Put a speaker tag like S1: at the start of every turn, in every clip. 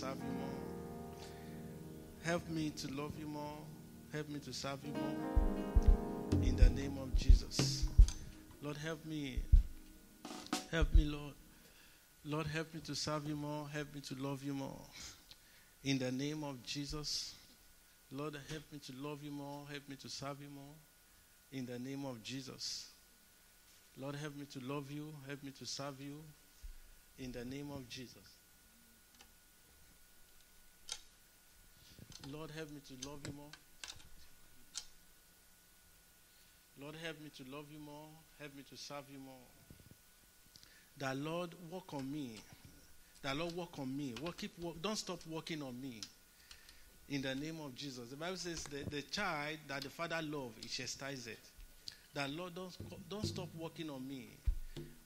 S1: serve you more. Help me to love you more. Help me to serve you more. In the name of Jesus. Lord, help me. Help me, Lord. Lord, help me to serve you more. Help me to love you more. In the name of Jesus. Lord, help me to love you more. Help me to serve you more. In the name of Jesus. Lord, help me to love you. Help me to serve you. In the name of Jesus. Lord, help me to love you more. Lord, help me to love you more. Help me to serve you more. That Lord, work on me. That Lord, work on me. Work, keep, work, don't stop working on me. In the name of Jesus. The Bible says the, the child that the father loves, he chastises it. That Lord, don't, don't stop working on me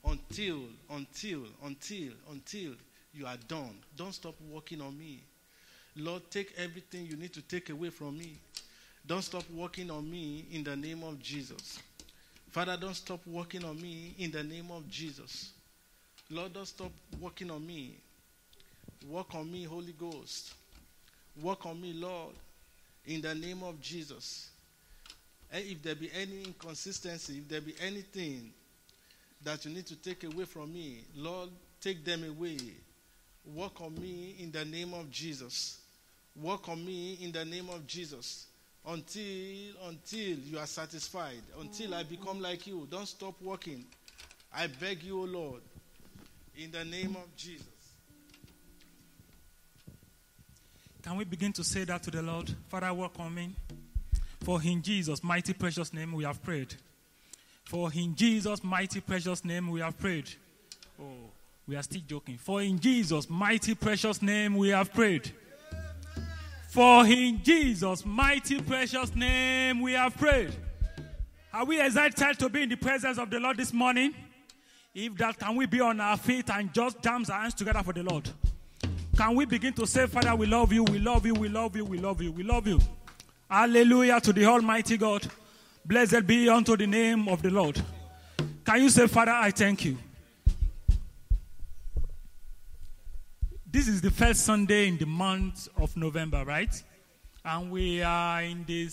S1: until, until, until, until you are done. Don't stop working on me. Lord, take everything you need to take away from me. Don't stop working on me in the name of Jesus. Father, don't stop working on me in the name of Jesus. Lord, don't stop working on me. Work on me, Holy Ghost. Work on me, Lord, in the name of Jesus. And if there be any inconsistency, if there be anything that you need to take away from me, Lord, take them away. Work on me in the name of Jesus. Work on me in the name of Jesus until until you are satisfied, until I become like you. Don't stop working. I beg you, O Lord, in the name of Jesus.
S2: Can we begin to say that to the Lord? Father, work on me. For in Jesus' mighty precious name we have prayed. For in Jesus' mighty precious name we have prayed. Oh, we are still joking. For in Jesus' mighty precious name we have prayed. For in Jesus' mighty precious name we have prayed. Are we excited to be in the presence of the Lord this morning? If that, can we be on our feet and just jam our hands together for the Lord? Can we begin to say, Father, we love you, we love you, we love you, we love you, we love you. Hallelujah to the Almighty God. Blessed be unto the name of the Lord. Can you say, Father, I thank you. This is the first Sunday in the month of November, right? And we are in the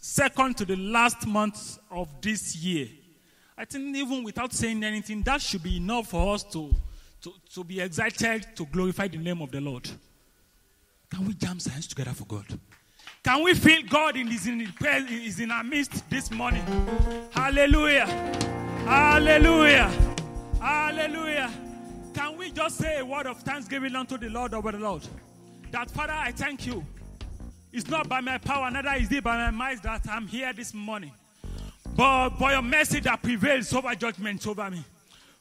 S2: second to the last month of this year. I think, even without saying anything, that should be enough for us to, to, to be excited to glorify the name of the Lord. Can we jam hands together for God? Can we feel God in, is in, is in our midst this morning? Hallelujah! Hallelujah! Hallelujah! Can we just say a word of thanksgiving unto the Lord over the Lord? That Father, I thank you. It's not by my power, neither is it by my might that I'm here this morning. But by your mercy that prevails over judgment over me.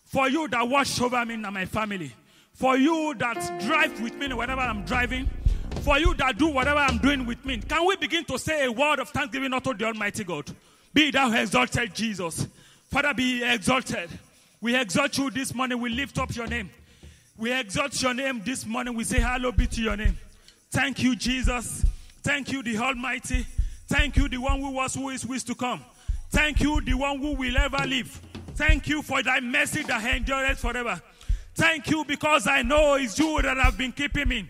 S2: For you that watch over me and my family. For you that drive with me whenever I'm driving. For you that do whatever I'm doing with me. Can we begin to say a word of thanksgiving unto the Almighty God? Be thou exalted, Jesus. Father, be exalted. We exalt you this morning. We lift up your name. We exalt your name this morning. We say, Hallowed be to your name. Thank you, Jesus. Thank you, the Almighty. Thank you, the one who was, who is, who is to come. Thank you, the one who will ever live. Thank you for thy mercy that endureth forever. Thank you because I know it's you that have been keeping me.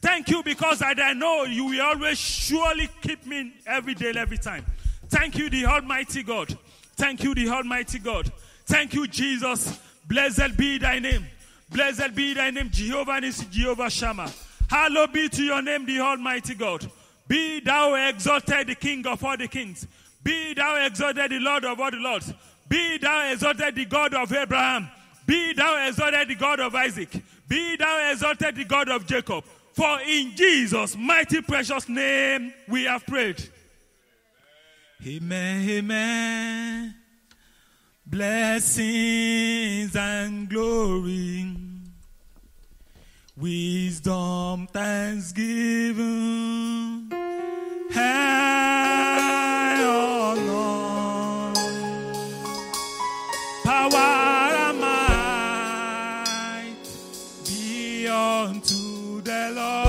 S2: Thank you because I, I know you will always surely keep me every day, every time. Thank you, the Almighty God. Thank you, the Almighty God. Thank you, Jesus. Blessed be thy name. Blessed be thy name, Jehovah is Jehovah Shammah. Hallowed be to your name, the Almighty God. Be thou exalted, the King of all the kings. Be thou exalted, the Lord of all the lords. Be thou exalted, the God of Abraham. Be thou exalted, the God of Isaac. Be thou exalted, the God of Jacob. For in Jesus' mighty precious name we have prayed. Amen, amen. Blessings and glory, wisdom,
S3: thanksgiving, high honor, power
S2: and might be unto the Lord.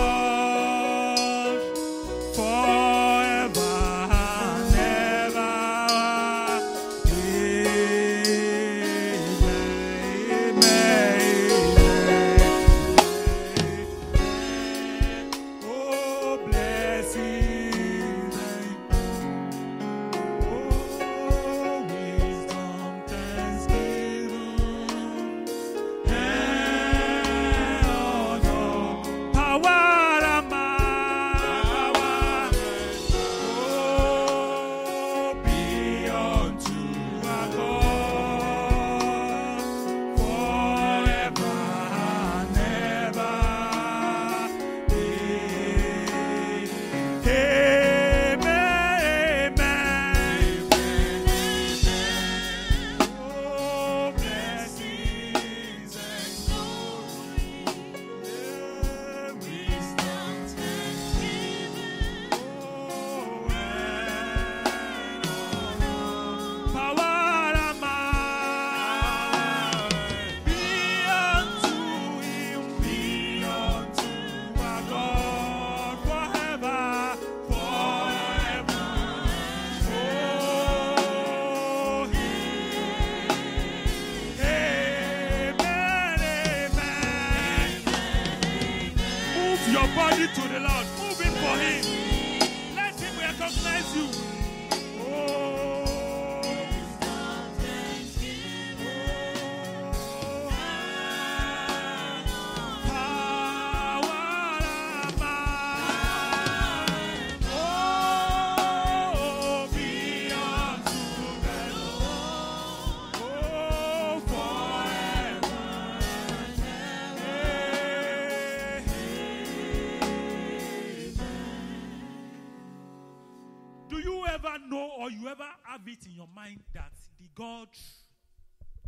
S2: God,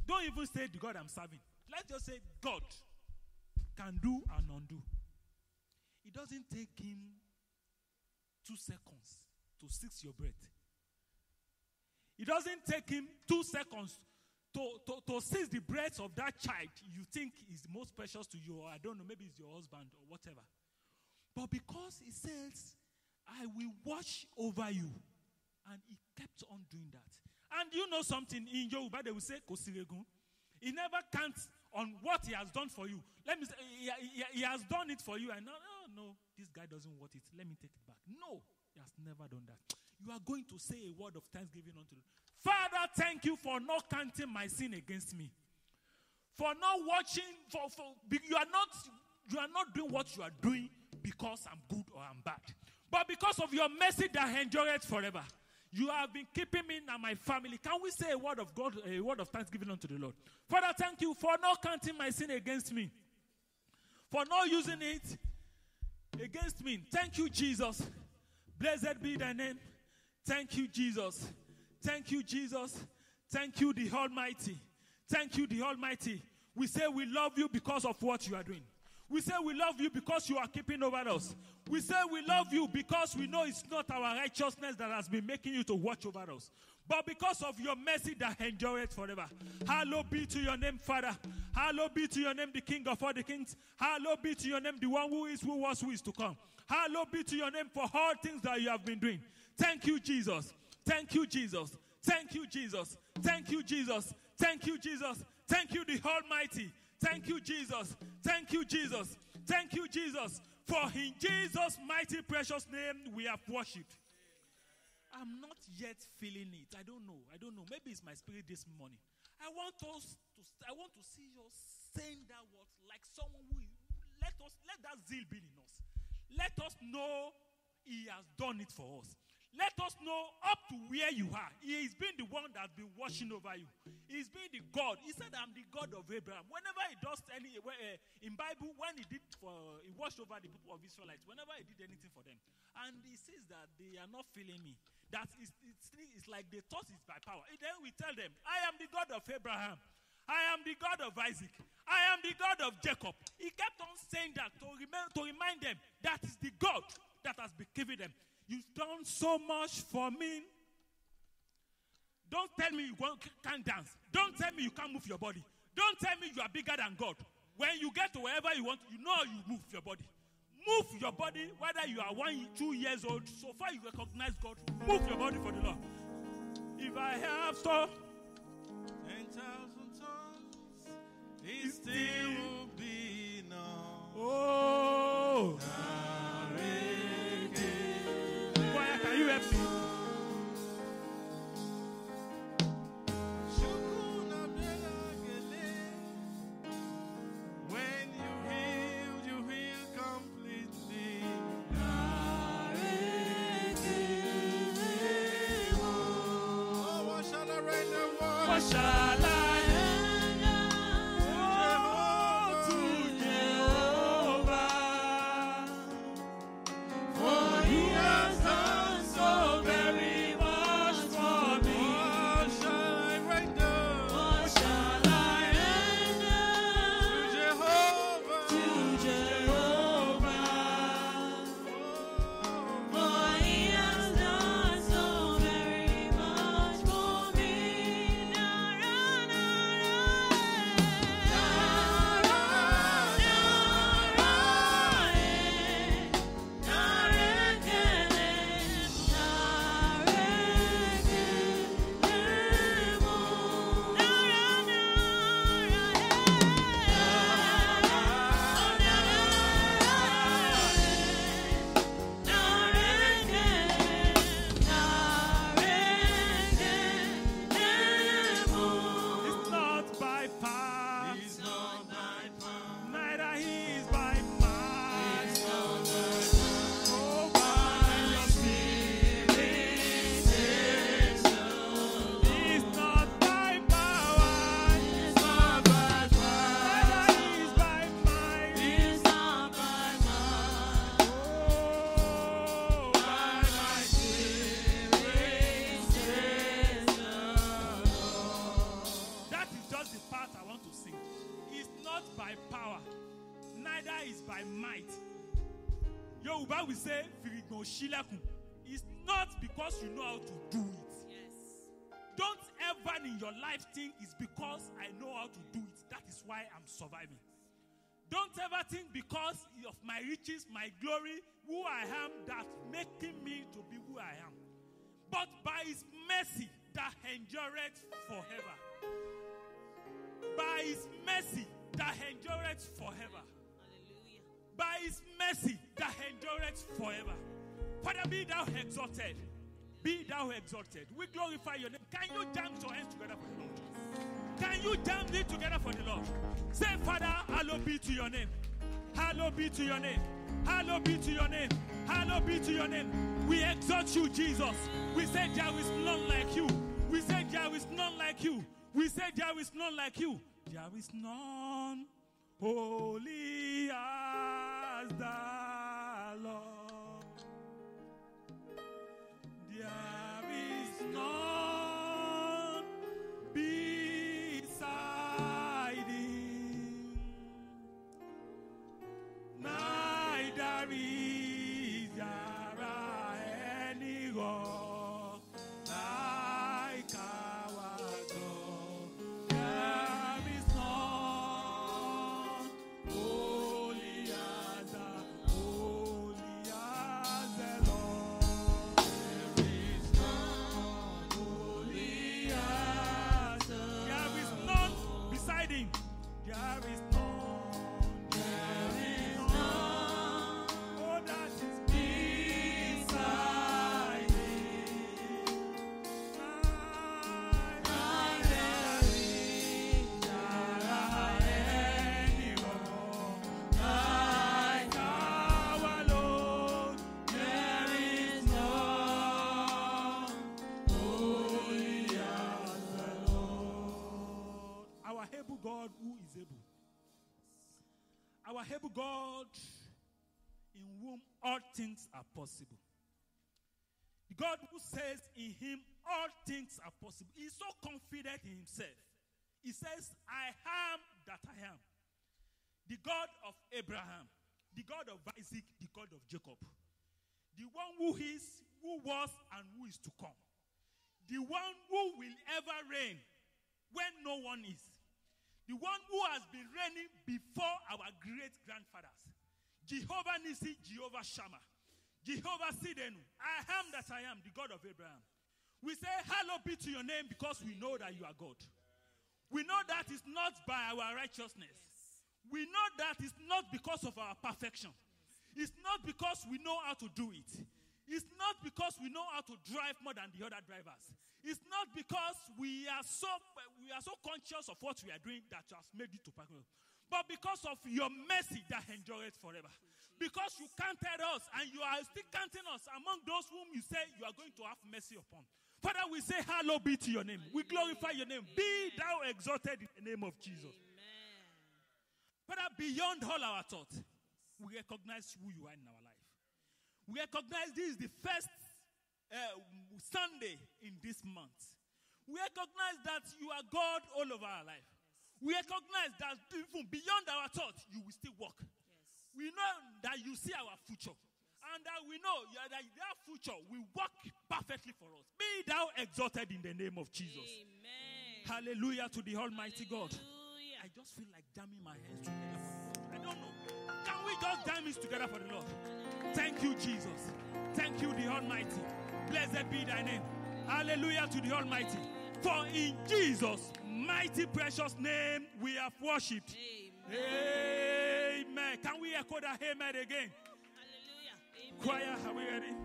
S2: don't even say the God I'm serving. Let's just say God can do and undo. It doesn't take him two seconds to fix your breath. It doesn't take him two seconds to, to, to seize the breath of that child you think is most precious to you, or I don't know, maybe it's your husband or whatever. But because he says, I will watch over you. And he kept on doing that. And you know something in Yoruba, they will say Kosiregun. He never counts on what he has done for you. Let me say, he, he, he has done it for you. And now, oh, no, this guy doesn't want it. Let me take it back. No, he has never done that. You are going to say a word of thanksgiving unto Father, thank you for not counting my sin against me. For not watching, for, for you are not you are not doing what you are doing because I'm good or I'm bad. But because of your mercy that endureth forever. You have been keeping me and my family. Can we say a word of God, a word of thanksgiving unto the Lord? Father, thank you for not counting my sin against me, for not using it against me. Thank you, Jesus. Blessed be thy name. Thank you, Jesus. Thank you, Jesus. Thank you, the Almighty. Thank you, the Almighty. We say we love you because of what you are doing. We say we love you because you are keeping over us. We say we love you because we know it's not our righteousness that has been making you to watch over us, but because of your mercy that endures forever. Hallowed be to your name, Father. Hallowed be to your name, the King of all the kings. Hallowed be to your name, the one who is, who was, who is to come. Hallowed be to your name for all things that you have been doing. Thank you, Jesus. Thank you, Jesus. Thank you, Jesus. Thank you, Jesus. Thank you, Jesus. Thank you, the Almighty. Thank you, Jesus. Thank you, Jesus. Thank you, Jesus. For in Jesus' mighty precious name we have worshipped. I'm not yet feeling it. I don't know. I don't know. Maybe it's my spirit this morning. I want us to I want to see you saying that word like someone who let us let that zeal be in us. Let us know he has done it for us. Let us know up to where you are. He has been the one that's been watching over you. He's been the God. He said, "I'm the God of Abraham." Whenever he does any uh, in Bible, when he did for he watched over the people of Israelites. Whenever he did anything for them, and he says that they are not feeling me. That is, it's, it's like they thought it's by power. And then we tell them, "I am the God of Abraham." I am the God of Isaac. I am the God of Jacob. He kept on saying that to, rem- to remind them that is the God that has been given them. You've done so much for me. Don't tell me you can't dance. Don't tell me you can't move your body. Don't tell me you are bigger than God. When you get to wherever you want, you know how you move your body. Move your body, whether you are one, two years old, so far you recognize God. Move your body for the Lord.
S3: If I have to. 10,000 tons, it still will be no. Oh.
S2: how to do it. That is why I'm surviving. Don't ever think because of my riches, my glory, who I am, that making me to be who I am. But by his mercy that endureth forever. By his mercy that endureth forever. Hallelujah. By his mercy that endureth forever. Father, be thou exalted. Be thou exalted. We glorify your name. Can you jam your hands together for the Lord? Can you jam it together for the Lord? Say, Father, hallowed be to your name. Hallowed be to your name. Hallowed be to your name. Hallowed be to your name. We exhort you, Jesus. We say there is none like you. We say there is none like you. We say there is none like you. There is none holy as the
S3: Lord. There
S2: Mary. invisible God in whom all things are possible. The God who says in him all things are possible. He's so confident in himself. He says, I am that I am. The God of Abraham, the God of Isaac, the God of Jacob. The one who is, who was, and who is to come. The one who will ever reign when no one is the one who has been reigning before our great grandfathers. Jehovah Nisi, Jehovah Shammah, Jehovah Sidenu. I am that I am, the God of Abraham. We say, Hallowed be to your name because we know that you are God. We know that it's not by our righteousness. We know that it's not because of our perfection. It's not because we know how to do it. It's not because we know how to drive more than the other drivers. It's not because we are so we are so conscious of what we are doing that has made it to Pakistan, but because of your mercy that endures forever. Because you counted us and you are still counting us among those whom you say you are going to have mercy upon. Father, we say, Hallowed be to your name. We glorify your name. Be thou exalted in the name of Jesus. Father, beyond all our thoughts, we recognize who you are in our life. We recognize this is the first uh, Sunday in this month. We recognize that you are God all over our life. Yes. We recognize that even beyond our thoughts, you will still work. Yes. We know that you see our future. And that we know that their future will work perfectly for us. Be thou exalted in the name of Jesus. Amen. Hallelujah to the Almighty Hallelujah. God. I
S4: just feel like jamming my hands together. I don't know.
S2: Can we just jam this together for the Lord? Thank you, Jesus. Thank you, the Almighty. Blessed be thy name. Hallelujah to the Almighty. For in Jesus' mighty precious name we have worshipped. Amen. amen. Can we echo that amen again? Hallelujah. Amen. Choir, are we ready?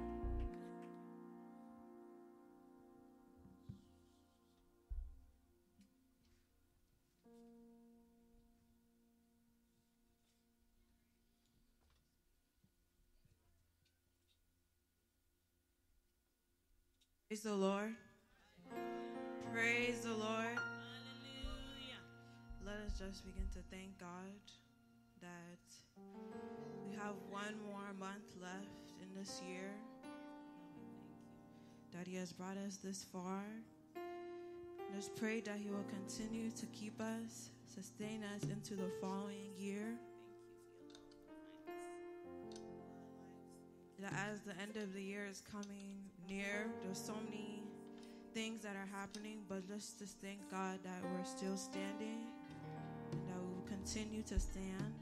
S4: Praise the Lord. Praise the Lord. Hallelujah. Let us just begin to thank God that we have one more month left in this year. That He has brought us this far. Let's pray that He will continue to keep us, sustain us into the following year. that as the end of the year is coming near, there's so many things that are happening, but let's just thank God that we're still standing and that we will continue to stand.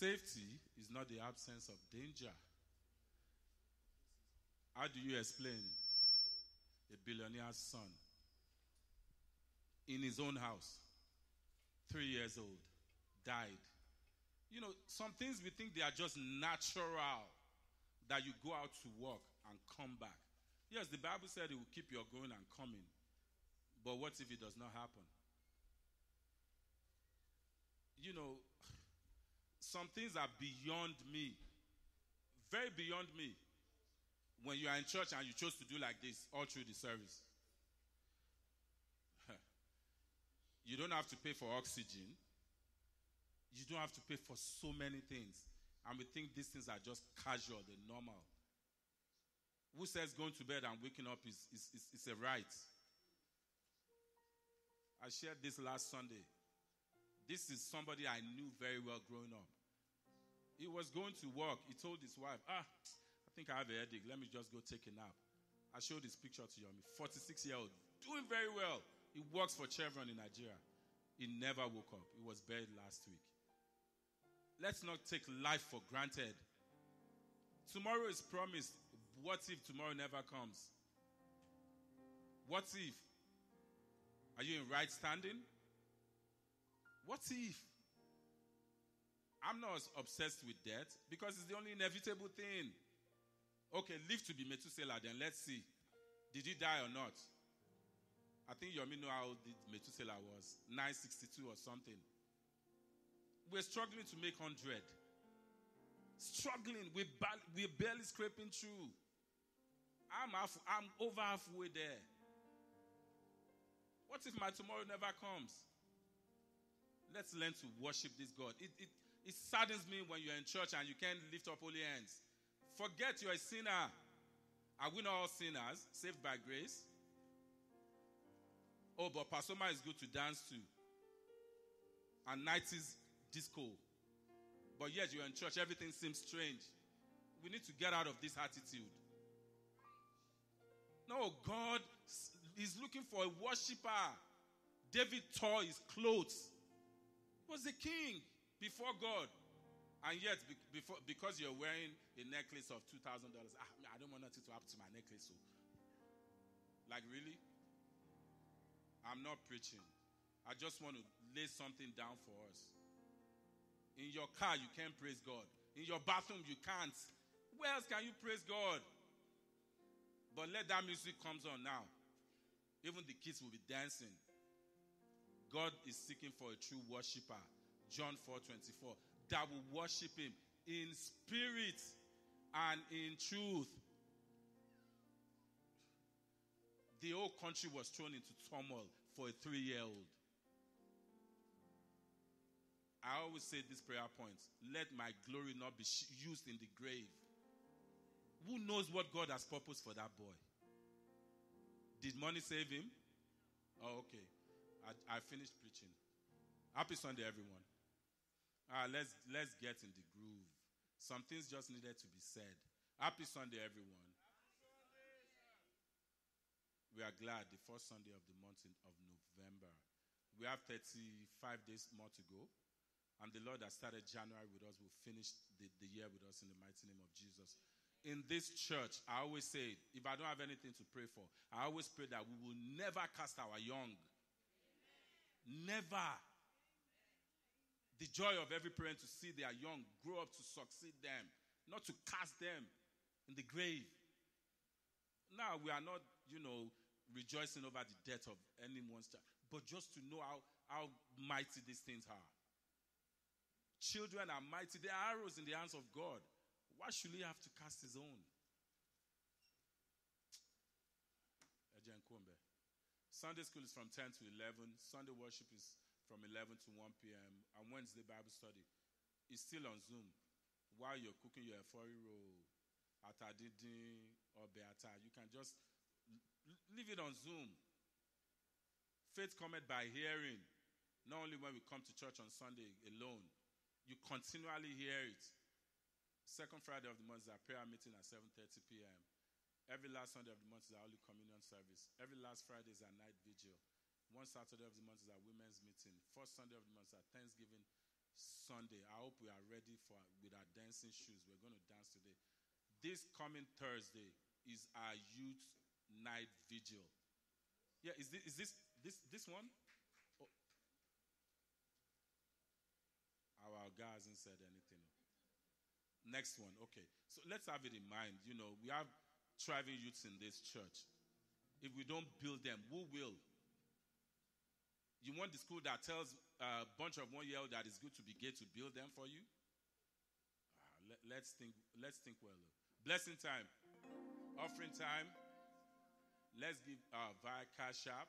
S5: Safety is not the absence of danger. How do you explain a billionaire's son in his own house, three years old, died? You know, some things we think they are just natural that you go out to work and come back. Yes, the Bible said it will keep your going and coming. But what if it does not happen? You know, some things are beyond me, very beyond me. When you are in church and you chose to do like this all through the service, you don't have to pay for oxygen. You don't have to pay for so many things. And we think these things are just casual, they're normal. Who says going to bed and waking up is, is, is, is a right? I shared this last Sunday. This is somebody I knew very well growing up. He was going to work. He told his wife, Ah, I think I have a headache. Let me just go take a nap. I showed this picture to Yomi. 46 year old, doing very well. He works for Chevron in Nigeria. He never woke up. He was buried last week. Let's not take life for granted. Tomorrow is promised. What if tomorrow never comes? What if? Are you in right standing? What if? I'm not obsessed with death because it's the only inevitable thing. Okay, live to be Methuselah, then let's see. Did he die or not? I think Yomi know how old Methuselah was 962 or something. We're struggling to make 100. Struggling. We're, ba- we're barely scraping through. I'm, half, I'm over halfway there. What if my tomorrow never comes? Let's learn to worship this God. It, it, it saddens me when you're in church and you can't lift up holy hands. Forget you're a sinner. Are we not all sinners saved by grace? Oh, but Pasoma is good to dance to. And 90s disco. But yet you're in church, everything seems strange. We need to get out of this attitude. No, God is looking for a worshiper. David tore his clothes. He was the king before God. And yet, before, because you're wearing a necklace of $2,000, ah, I don't want nothing to happen to my necklace. So. Oh. Like, really? I'm not preaching. I just want to lay something down for us. In your car, you can't praise God. In your bathroom, you can't. Where else can you praise God? But let that music comes on now. Even the kids will be dancing. God is seeking for a true worshiper. John 4 24, that will worship him in spirit and in truth. The whole country was thrown into turmoil for a three year old. I always say this prayer point let my glory not be used in the grave. Who knows what God has purposed for that boy? Did money save him? Oh, okay. I, I finished preaching. Happy Sunday, everyone. Ah, let's let's get in the groove. Some things just needed to be said. Happy Sunday, everyone. We are glad the first Sunday of the month of November. We have 35 days more to go. And the Lord that started January with us will finish the, the year with us in the mighty name of Jesus. In this church, I always say, if I don't have anything to pray for, I always pray that we will never cast our young. Never the joy of every parent to see their young grow up to succeed them, not to cast them in the grave. Now, we are not, you know, rejoicing over the death of anyone's child, but just to know how, how mighty these things are. Children are mighty, they are arrows in the hands of God. Why should he have to cast his own? Sunday school is from 10 to 11. Sunday worship is from 11 to 1 p.m. and Wednesday Bible study is still on Zoom while you're cooking your efori roll, Adidi or beata. You can just leave it on Zoom. Faith cometh by hearing. Not only when we come to church on Sunday alone, you continually hear it. Second Friday of the month is our prayer meeting at 7:30 p.m. Every last Sunday of the month is our Holy Communion service. Every last Friday is our night vigil. One Saturday of the month is our women's meeting. First Sunday of the month is our Thanksgiving Sunday. I hope we are ready for with our dancing shoes. We're going to dance today. This coming Thursday is our youth night vigil. Yeah, is this is this this, this one? Oh. Our guy hasn't said anything. Next one, okay. So let's have it in mind. You know, we have thriving youths in this church. If we don't build them, who will? You want the school that tells a bunch of one year old that it's good to be gay to build them for you? Ah, let, us think. Let's think well. Blessing time, offering time. Let's give uh, via Cash App.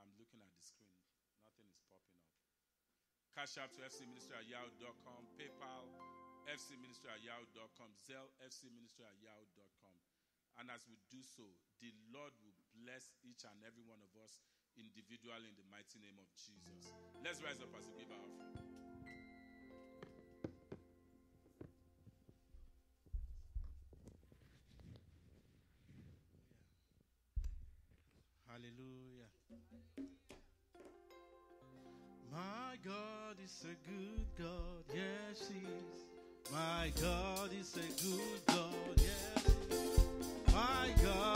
S5: I'm looking at the screen. Nothing is popping up. Cash App to Ministry at yahoo.com. PayPal, Ministry at yahoo.com. Zelle, Ministry at yahoo.com. And as we do so, the Lord will bless each and every one of us individual in the mighty name of Jesus. Let's rise up as we give our offering.
S1: Hallelujah. My God is a good God, yes, He is.
S3: My God is a good God, yes. My God.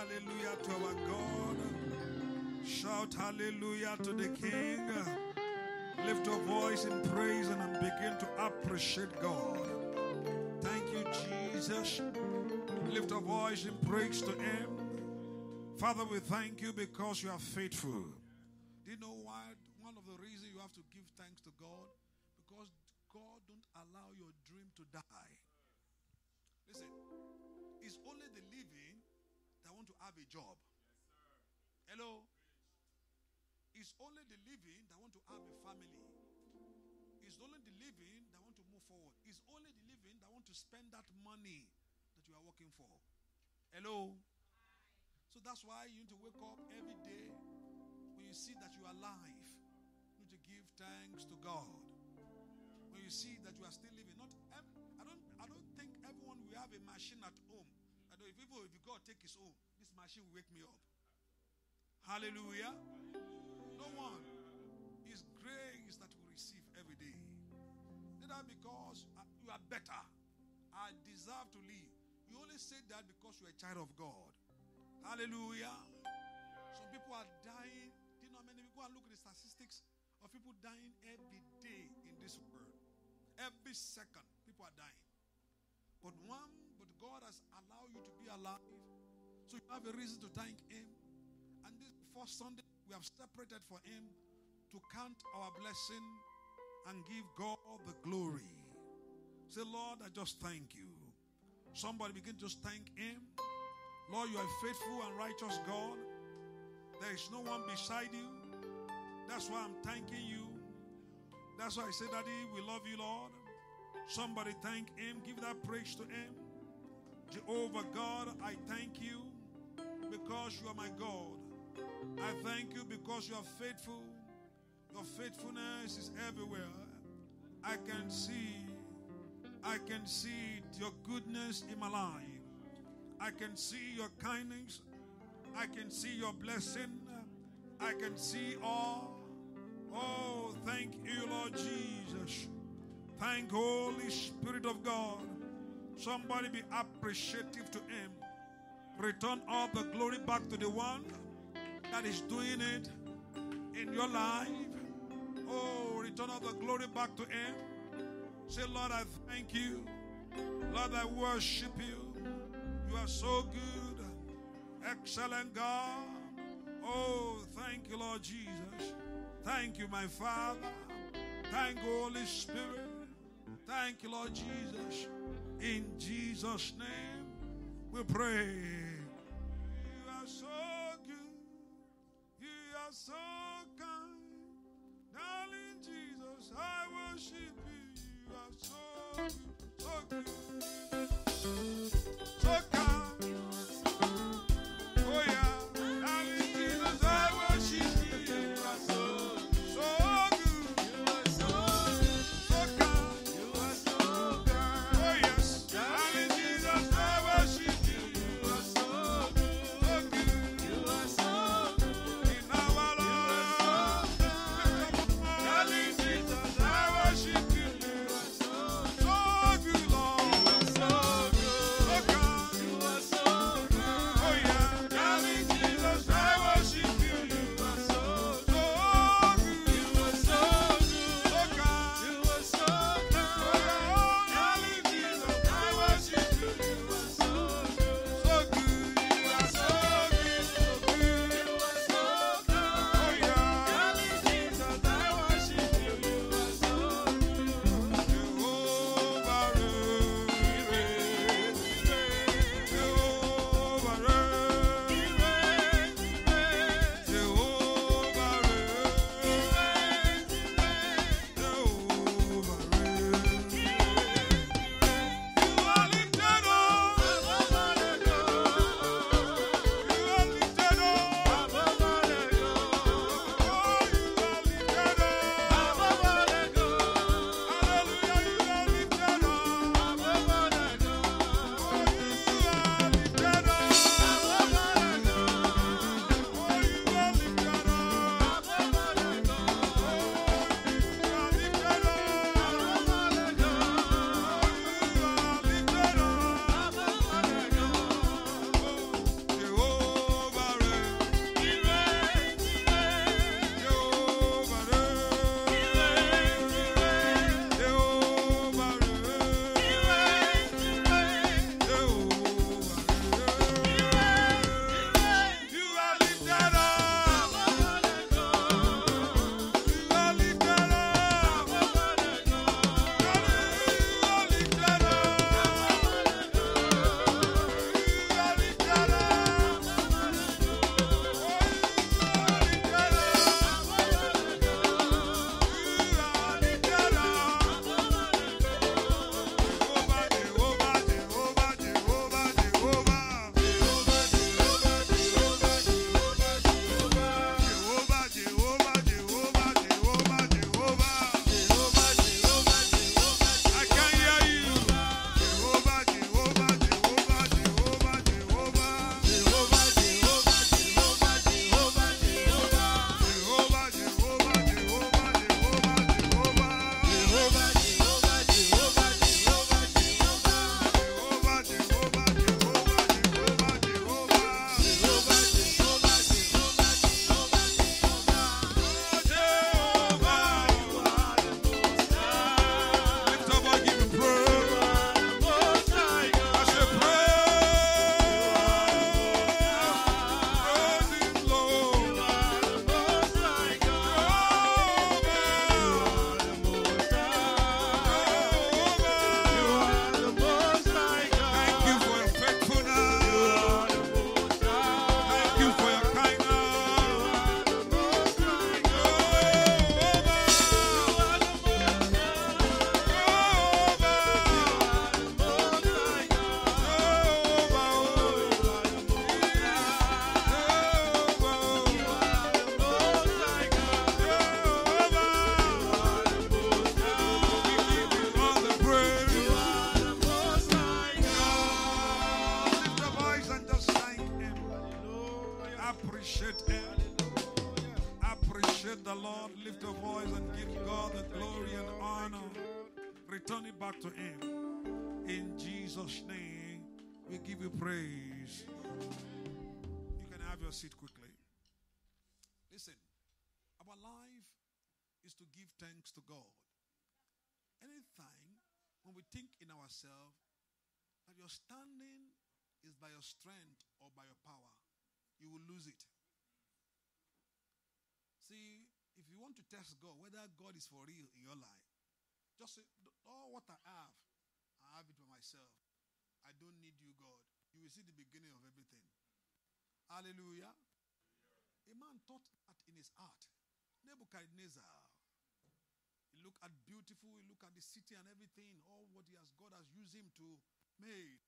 S6: hallelujah to our God. Shout hallelujah to the King. Lift your voice in praise and begin to appreciate God. Thank you, Jesus. Lift your voice in praise to Him. Father, we thank you because you are faithful. Do you know why? spend that money that you are working for. Hello? So that's why you need to wake up every day when you see that you are alive. You need to give thanks to God. When you see that you are still living, not I don't I don't think everyone will have a machine at home. I don't, if even if God take his own, this machine will wake me up. Hallelujah. No one. is grace that we receive every day. Not because uh, you are better I deserve to live. You only say that because you're a child of God. Hallelujah. Some people are dying. Do you know how many? Go and look at the statistics of people dying every day in this world. Every second, people are dying. But one, but God has allowed you to be alive. So you have a reason to thank Him. And this first Sunday, we have separated for Him to count our blessing and give God the glory. Say, Lord, I just thank you. Somebody begin to thank Him. Lord, you are faithful and righteous God. There is no one beside you. That's why I'm thanking you. That's why I say, Daddy, we love you, Lord. Somebody thank Him. Give that praise to Him. Jehovah God, I thank you because you are my God. I thank you because you are faithful. Your faithfulness is everywhere. I can see I can see your goodness in my life. I can see your kindness. I can see your blessing. I can see all. Oh, thank you, Lord Jesus. Thank Holy Spirit of God. Somebody be appreciative to Him. Return all the glory back to the one that is doing it in your life. Oh, return all the glory back to Him. Say, Lord, I thank you. Lord, I worship you. You are so good, excellent God. Oh, thank you, Lord Jesus. Thank you, my Father. Thank you, Holy Spirit. Thank you, Lord Jesus. In Jesus'
S3: name, we pray. You are so good. You are so kind. Darling Jesus, I worship Oh.
S6: your strength or by your power. You will lose it. See, if you want to test God, whether God is for real in your life, just say, all what I have, I have it for myself. I don't need you, God. You will see the beginning of everything. Hallelujah. A man thought that in his heart. Nebuchadnezzar. He looked at beautiful, he looked at the city and everything, all what he has God has used him to make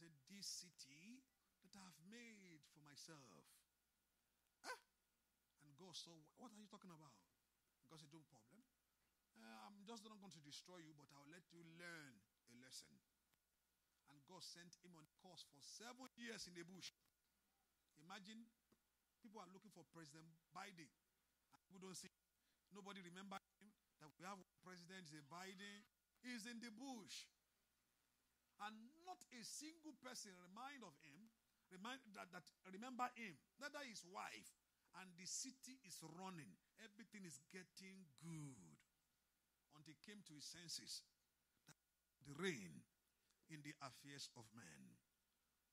S6: said, This city that I've made for myself. Ah! And God said, What are you talking about? God said, No problem. Uh, I'm just not going to destroy you, but I'll let you learn a lesson. And God sent him on a course for seven years in the bush. Imagine people are looking for President Biden. And people don't see. Nobody remember him. That we have President is Biden is in the bush. And not a single person remind of him, remind that, that remember him, neither his wife, and the city is running. Everything is getting good. Until he came to his senses, the rain in the affairs of men.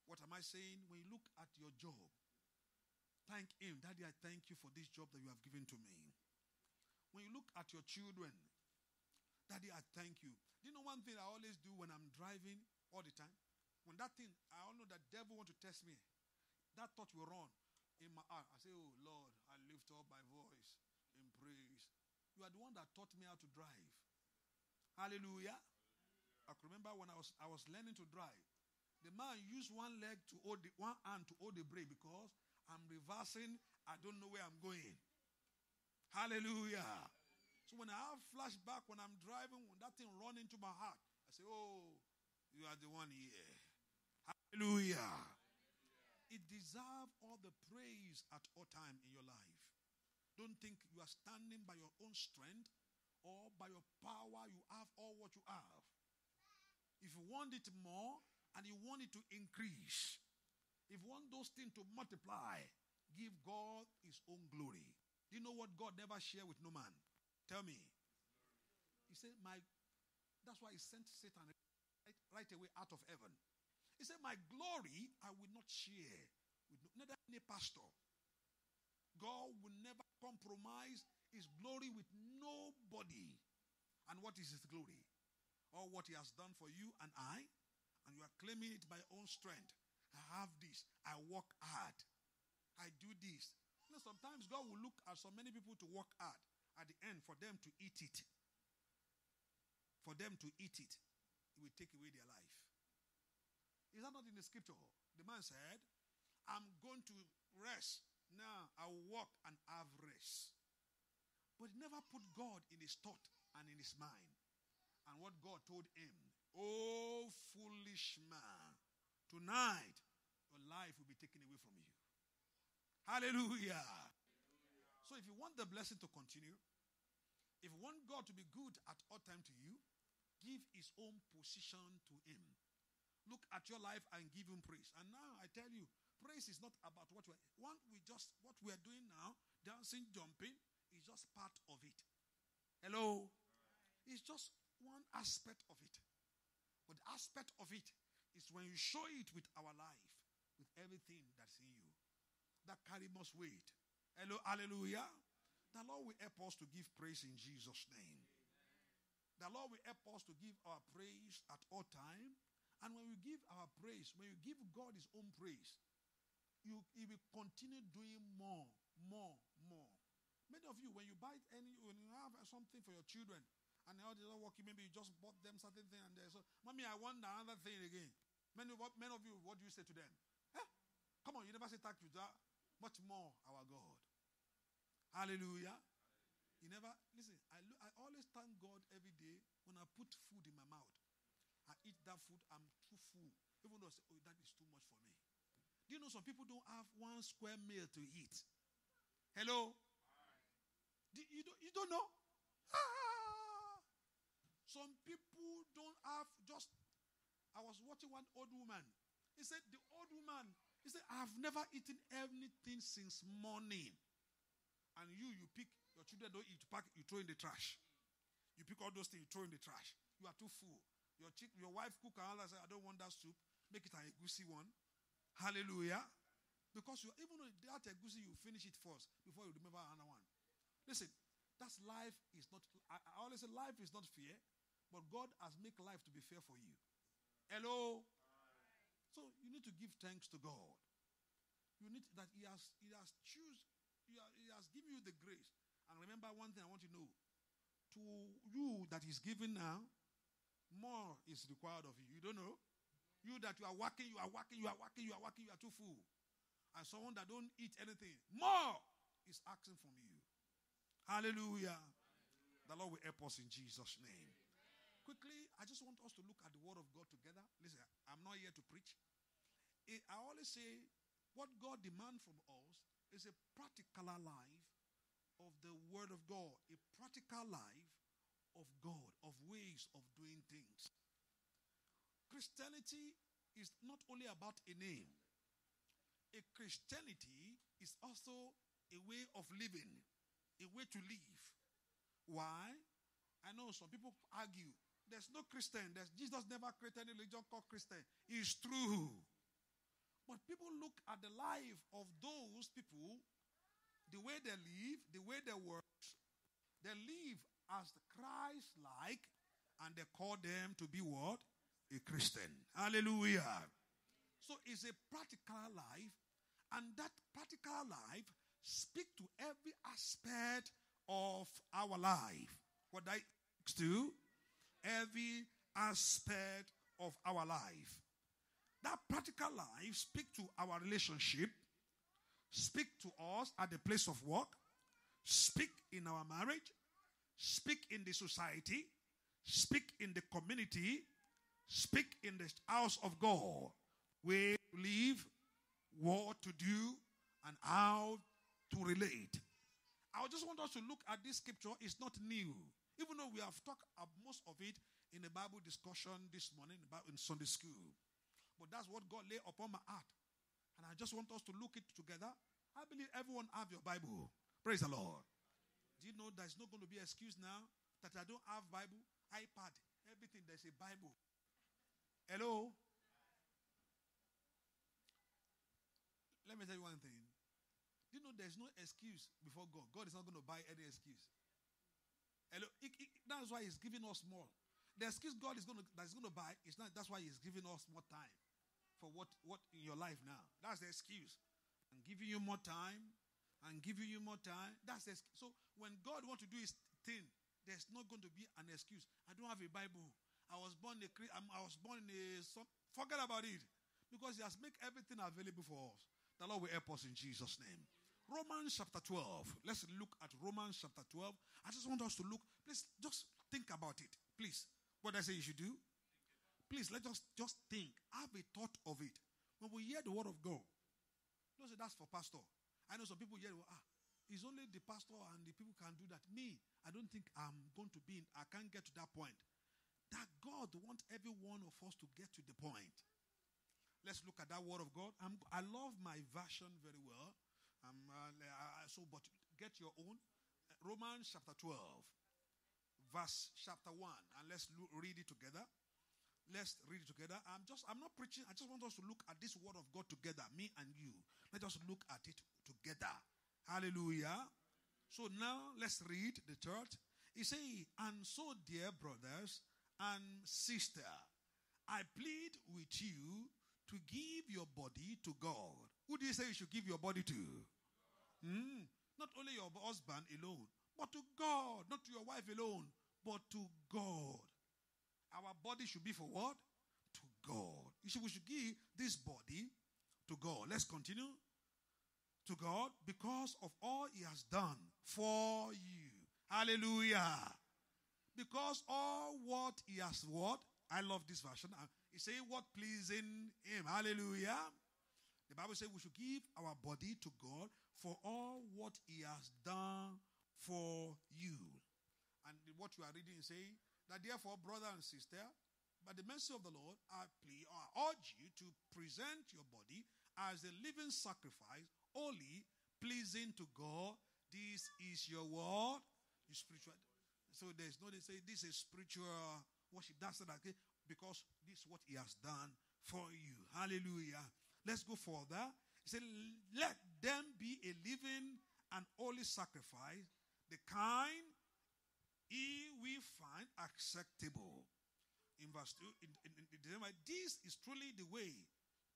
S6: What am I saying? When you look at your job, thank him. Daddy, I thank you for this job that you have given to me. When you look at your children, Daddy, I thank you. Do you know one thing I always do when I'm driving? all the time. When that thing, I all know that devil want to test me. That thought will run in my heart. I say, Oh Lord, I lift up my voice in praise. You are the one that taught me how to drive. Hallelujah. I remember when I was I was learning to drive. The man used one leg to hold the one hand to hold the brake because I'm reversing. I don't know where I'm going. Hallelujah. Hallelujah. So when I have flashback when I'm driving, when that thing run into my heart, I say, Oh, you are the one here. Hallelujah. It deserves all the praise at all time in your life. Don't think you are standing by your own strength or by your power you have all what you have. If you want it more and you want it to increase, if you want those things to multiply, give God his own glory. Do you know what God never shared with no man? Tell me. He said, My that's why he sent Satan right away out of heaven. He said, My glory I will not share with neither any pastor. God will never compromise his glory with nobody. And what is his glory? All what he has done for you and I, and you are claiming it by own strength. I have this. I work hard. I do this. You know, sometimes God will look at so many people to work hard at the end for them to eat it. For them to eat it. He will take away their life. Is that not in the scripture? The man said, I'm going to rest. Now I'll walk and have rest. But he never put God in his thought and in his mind. And what God told him, Oh, foolish man, tonight your life will be taken away from you. Hallelujah. Hallelujah. So if you want the blessing to continue, if you want God to be good at all time to you, give his own position to him. Look at your life and give him praise. And now I tell you, praise is not about what we're we just what we are doing now, dancing, jumping, is just part of it. Hello? It's just one aspect of it. But the aspect of it is when you show it with our life, with everything that's in you, that carry must weight. Hello, hallelujah. The Lord will help us to give praise in Jesus' name. The Lord will help us to give our praise at all time. And when we give our praise, when you give God his own praise, you, he will continue doing more, more, more. Many of you, when you buy any, when you have something for your children, and all the other working, maybe you just bought them certain thing, and they So, "Mommy, I want another thing again." Many, what, many of you, what do you say to them? Eh? Come on, you never say thank you. That much more, our God. Hallelujah. Hallelujah. never always thank God every day when I put food in my mouth. I eat that food, I'm too full. Even though I say, oh, that is too much for me. Do you know some people don't have one square meal to eat? Hello? Do, you, don't, you don't know? Ah! Some people don't have just. I was watching one old woman. He said, The old woman, he said, I've never eaten anything since morning. And you, you pick, your children don't eat, you pack, you throw in the trash. You pick all those things, you throw in the trash. You are too full. Your, chick, your wife cook and Allah says, I don't want that soup. Make it an egusi one. Hallelujah. Because you, even though that egusi, you finish it first before you remember another one. Listen, that's life is not, I, I always say life is not fear, but God has made life to be fair for you. Hello? So you need to give thanks to God. You need that He has He has choose he has given you the grace. And remember one thing I want you to know: to you that is given now, more is required of you. You don't know? You that you are working, you are working, you are working, you are working, you are too full. And someone that don't eat anything, more is asking from you. Hallelujah. Hallelujah. The Lord will help us in Jesus' name. Amen. Quickly, I just want us to look at the word of God together. Listen, I'm not here to preach. Eh, I always say what God demands from us is a practical life of the word of God, a practical life of God, of ways of doing things. Christianity is not only about a name, a Christianity is also a way of living, a way to live. Why? I know some people argue there's no Christian, there's, Jesus never created a religion called Christian. It's true. But people look at the life of those people, the way they live, the way they work, they live as Christ like, and they call them to be what? A Christian. Hallelujah. So it's a practical life, and that practical life speak to every aspect of our life. What that speaks to every aspect of our life. That practical life speak to our relationship, speak to us at the place of work, speak in our marriage, speak in the society, speak in the community, speak in the house of God, where to live, what to do, and how to relate. I just want us to look at this scripture. It's not new. Even though we have talked most of it in the Bible discussion this morning about in Sunday school. But that's what God laid upon my heart. And I just want us to look it together. I believe everyone have your Bible. Praise the Lord. Do you know there's not going to be excuse now that I don't have Bible, iPad, everything there's a Bible. Hello? Let me tell you one thing. Do you know there's no excuse before God? God is not going to buy any excuse. Hello? It, it, that's why He's giving us more. The excuse God is going to that's going to buy is not. That's why He's giving us more time for what what in your life now. That's the excuse. I'm giving you more time and giving you more time. That's the, so when God wants to do his thing, there's not going to be an excuse. I don't have a Bible. I was born a I was born in a some, forget about it. Because he has made everything available for us. The Lord will help us in Jesus' name. Romans chapter 12. Let's look at Romans chapter 12. I just want us to look. Please just think about it. Please. What I say you should do? Please let us just think. Have a thought of it. When we hear the word of God, don't say that's for pastor. I know some people here, ah, it's only the pastor and the people can do that. Me, I don't think I'm going to be in, I can't get to that point. That God wants every one of us to get to the point. Let's look at that word of God. I'm, i love my version very well. uh, so, but get your own. Romans chapter 12, verse chapter 1. And let's lo- read it together. Let's read it together. I'm just I'm not preaching. I just want us to look at this word of God together, me and you. Let us look at it together. Hallelujah. So now let's read the third. He say, And so, dear brothers and sister, I plead with you to give your body to God. Who do you say you should give your body to? Mm. Not only your husband alone, but to God. Not to your wife alone, but to God. Our body should be for what? To God. You should, we should give this body to God. Let's continue to God because of all He has done for you. Hallelujah. Because all what He has what? I love this version. He uh, say what pleasing Him. Hallelujah. The Bible says we should give our body to God for all what He has done for you. And what you are reading is saying that therefore, brother and sister, by the mercy of the Lord, I plea or I urge you to present your body as a living sacrifice, holy, pleasing to God. This is your word. spiritual. So there's no they say this is spiritual worship. That's not okay, because this is what he has done for you. Hallelujah. Let's go further. He said, Let them be a living and holy sacrifice, the kind he will find acceptable. In verse 2, in, in, in, this is truly the way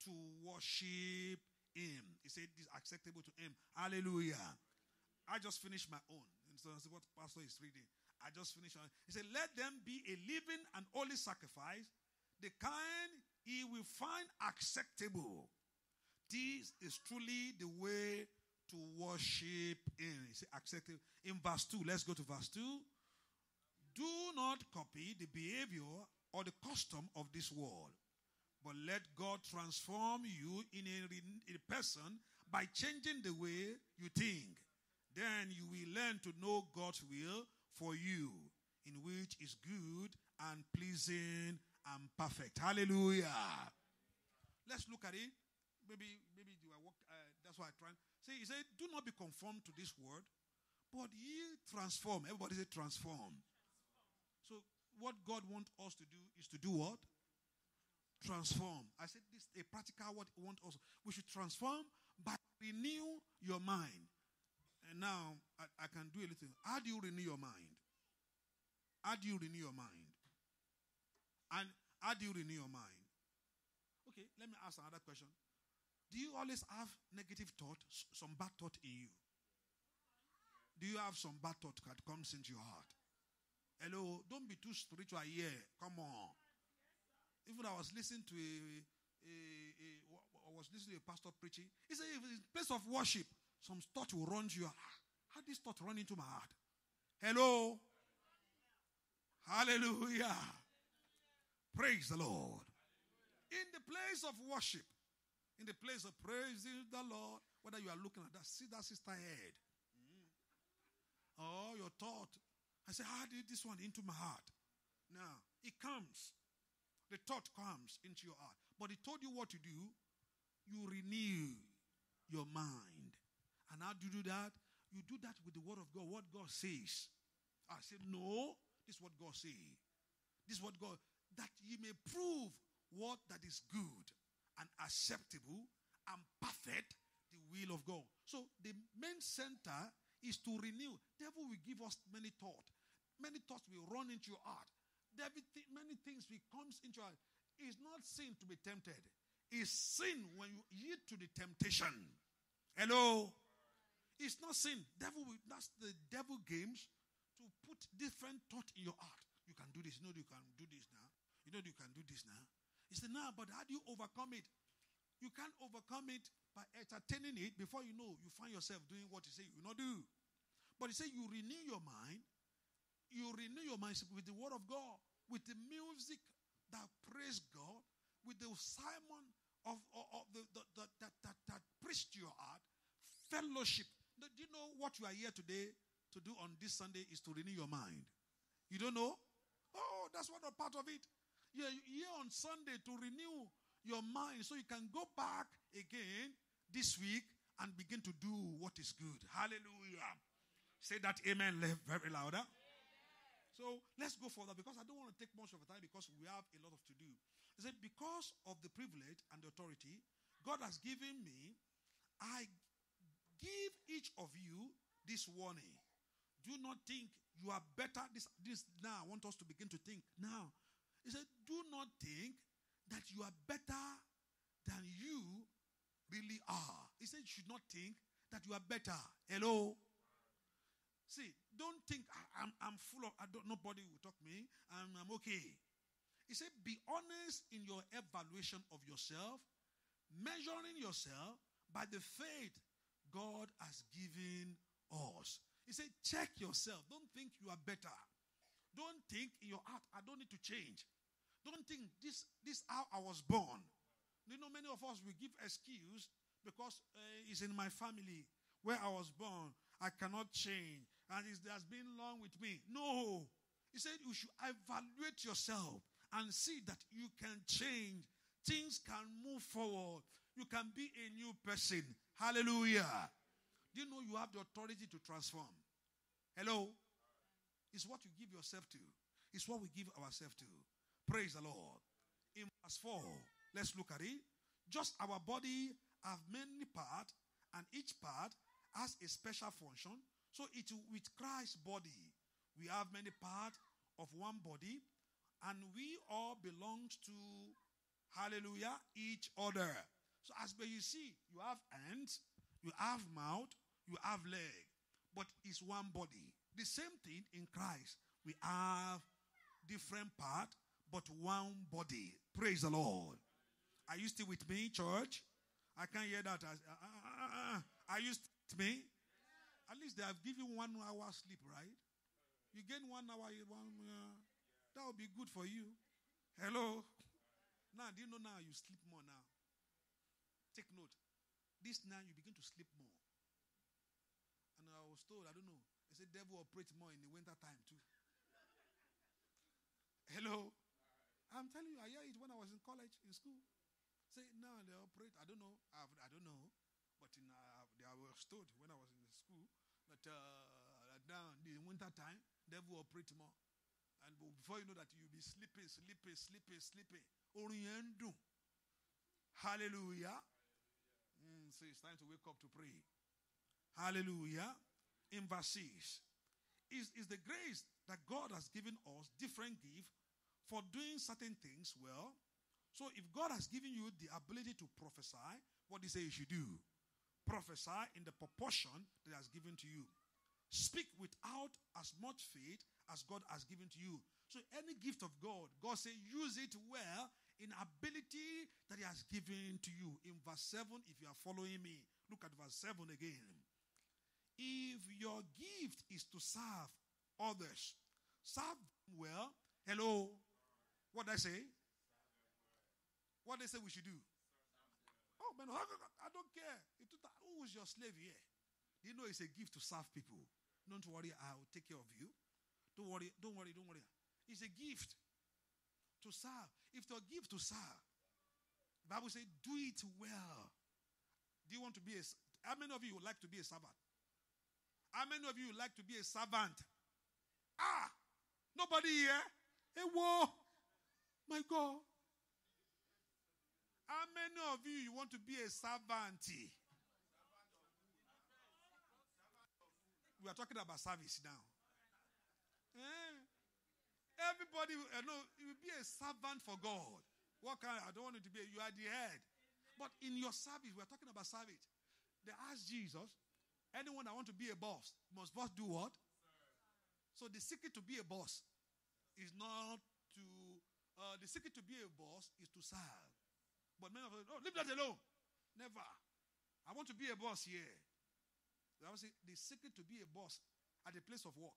S6: to worship him. He said this acceptable to him. Hallelujah. I just finished my own. And so that's what Pastor is reading. I just finished. He said, Let them be a living and holy sacrifice, the kind he will find acceptable. This is truly the way to worship him. He said, acceptable. In verse 2, let's go to verse 2. Do not copy the behavior or the custom of this world but let God transform you in a, a person by changing the way you think. Then you will learn to know God's will for you, in which is good and pleasing and perfect. Hallelujah. Let's look at it. Maybe, maybe you are work, uh, that's why I try. See, he said, "Do not be conformed to this world, but ye transform." Everybody say, transform. transform. So, what God wants us to do is to do what? transform. I said this a practical word want also. We should transform by renew your mind. And now I, I, can do a little. How do you renew your mind? How do you renew your mind? And how do you renew your mind? Okay, let me ask another question. Do you always have negative thoughts, some bad thought in you? Do you have some bad thought that comes into your heart? Hello, don't be too spiritual here. Come on. Even I was listening to a, a, a, I was listening to a pastor preaching. He said, if it's place of worship, some thought will run to your heart. Ah, how this thought run into my heart? Hello? Hallelujah. Praise the Lord. In the place of worship, in the place of praising the Lord, whether you are looking at that, see that sister head. Mm. Oh, your thought. I say, how did this one into my heart? Now, it comes. The thought comes into your heart. But he told you what to do. You renew your mind. And how do you do that? You do that with the word of God, what God says. I said no, this is what God say. This is what God, that ye may prove what that is good and acceptable and perfect the will of God. So the main center is to renew. Devil will give us many thoughts. Many thoughts will run into your heart. There be many things we comes into our. It's not sin to be tempted. It's sin when you yield to the temptation. Hello. It's not sin. Devil, that's the devil games to put different thought in your heart. You can do this. You know you can do this now. You know you can do this now. He said, now, but how do you overcome it? You can't overcome it by entertaining it. Before you know, you find yourself doing what you say you will not do. But he said you renew your mind you renew your mind with the word of God, with the music that praise God, with the Simon of, of, of the, the, the, that, that, that preached your heart, fellowship. Do you know what you are here today to do on this Sunday is to renew your mind? You don't know? Oh, that's one part of it. You're here on Sunday to renew your mind so you can go back again this week and begin to do what is good. Hallelujah. Say that amen very louder. So let's go further because I don't want to take much of time because we have a lot of to do. He said, Because of the privilege and the authority God has given me, I give each of you this warning. Do not think you are better. This, this now, I want us to begin to think now. He said, Do not think that you are better than you really are. He said, You should not think that you are better. Hello? See, don't think I, am I'm, full of, I don't, nobody will talk me. I'm, I'm okay. He said, be honest in your evaluation of yourself, measuring yourself by the faith God has given us. He said, check yourself. Don't think you are better. Don't think in your heart, I don't need to change. Don't think this, this how I was born. You know, many of us will give excuse because uh, it's in my family where I was born. I cannot change and it has been long with me. No. He said you should evaluate yourself and see that you can change. Things can move forward. You can be a new person. Hallelujah. Do you know you have the authority to transform? Hello? It's what you give yourself to. It's what we give ourselves to. Praise the Lord. In verse 4, let's look at it. Just our body have many parts, and each part has a special function. So it with Christ's body, we have many parts of one body, and we all belong to hallelujah each other. So as you see, you have hands, you have mouth, you have leg, but it's one body. The same thing in Christ. We have different part, but one body. Praise the Lord. Are you still with me, church? I can't hear that. Are you still with me? At least they have given one hour sleep, right? You gain one hour, one uh, that will be good for you. Hello. Now, do you know now you sleep more now? Take note. This now you begin to sleep more. And I was told, I don't know, they said devil operates more in the winter time too. Hello. I'm telling you, I hear it when I was in college, in school. Say now they operate. I don't know. I've, I do not know, but in, uh, I was told when I was in the school but uh, now, in winter time, devil operate more. And before you know that, you'll be sleeping, sleeping, sleeping, sleeping. Oriendu. Hallelujah. Mm, so it's time to wake up to pray. Hallelujah. In verse Is, is the grace that God has given us different gift for doing certain things well. So if God has given you the ability to prophesy, what do you say you should do? Prophesy in the proportion that has given to you. Speak without as much faith as God has given to you. So any gift of God, God says, use it well in ability that he has given to you. In verse 7, if you are following me, look at verse 7 again. If your gift is to serve others, serve them well. Hello. What did I say? What did I say we should do? Oh man, I don't care who's your slave here? Do you know it's a gift to serve people? Don't worry, I'll take care of you. Don't worry, don't worry, don't worry. It's a gift to serve. If a gift to serve, the Bible says, do it well. Do you want to be a how many of you would like to be a servant? How many of you would like to be a servant? Ah, nobody here. Hey, whoa, my God. How many of you, you want to be a servant? we are talking about service now.
S3: Eh? Everybody,
S6: you know, you be a servant for God. What kind? I don't want you to be. You are the head. But in your service, we are talking about service. They ask Jesus, anyone that want to be a boss, must boss do what? So the secret to be a boss is not to, uh, the secret to be a boss is to serve. But many of us, oh, leave that alone. Never. I want to be a boss here. I was the secret to be a boss at the place of work,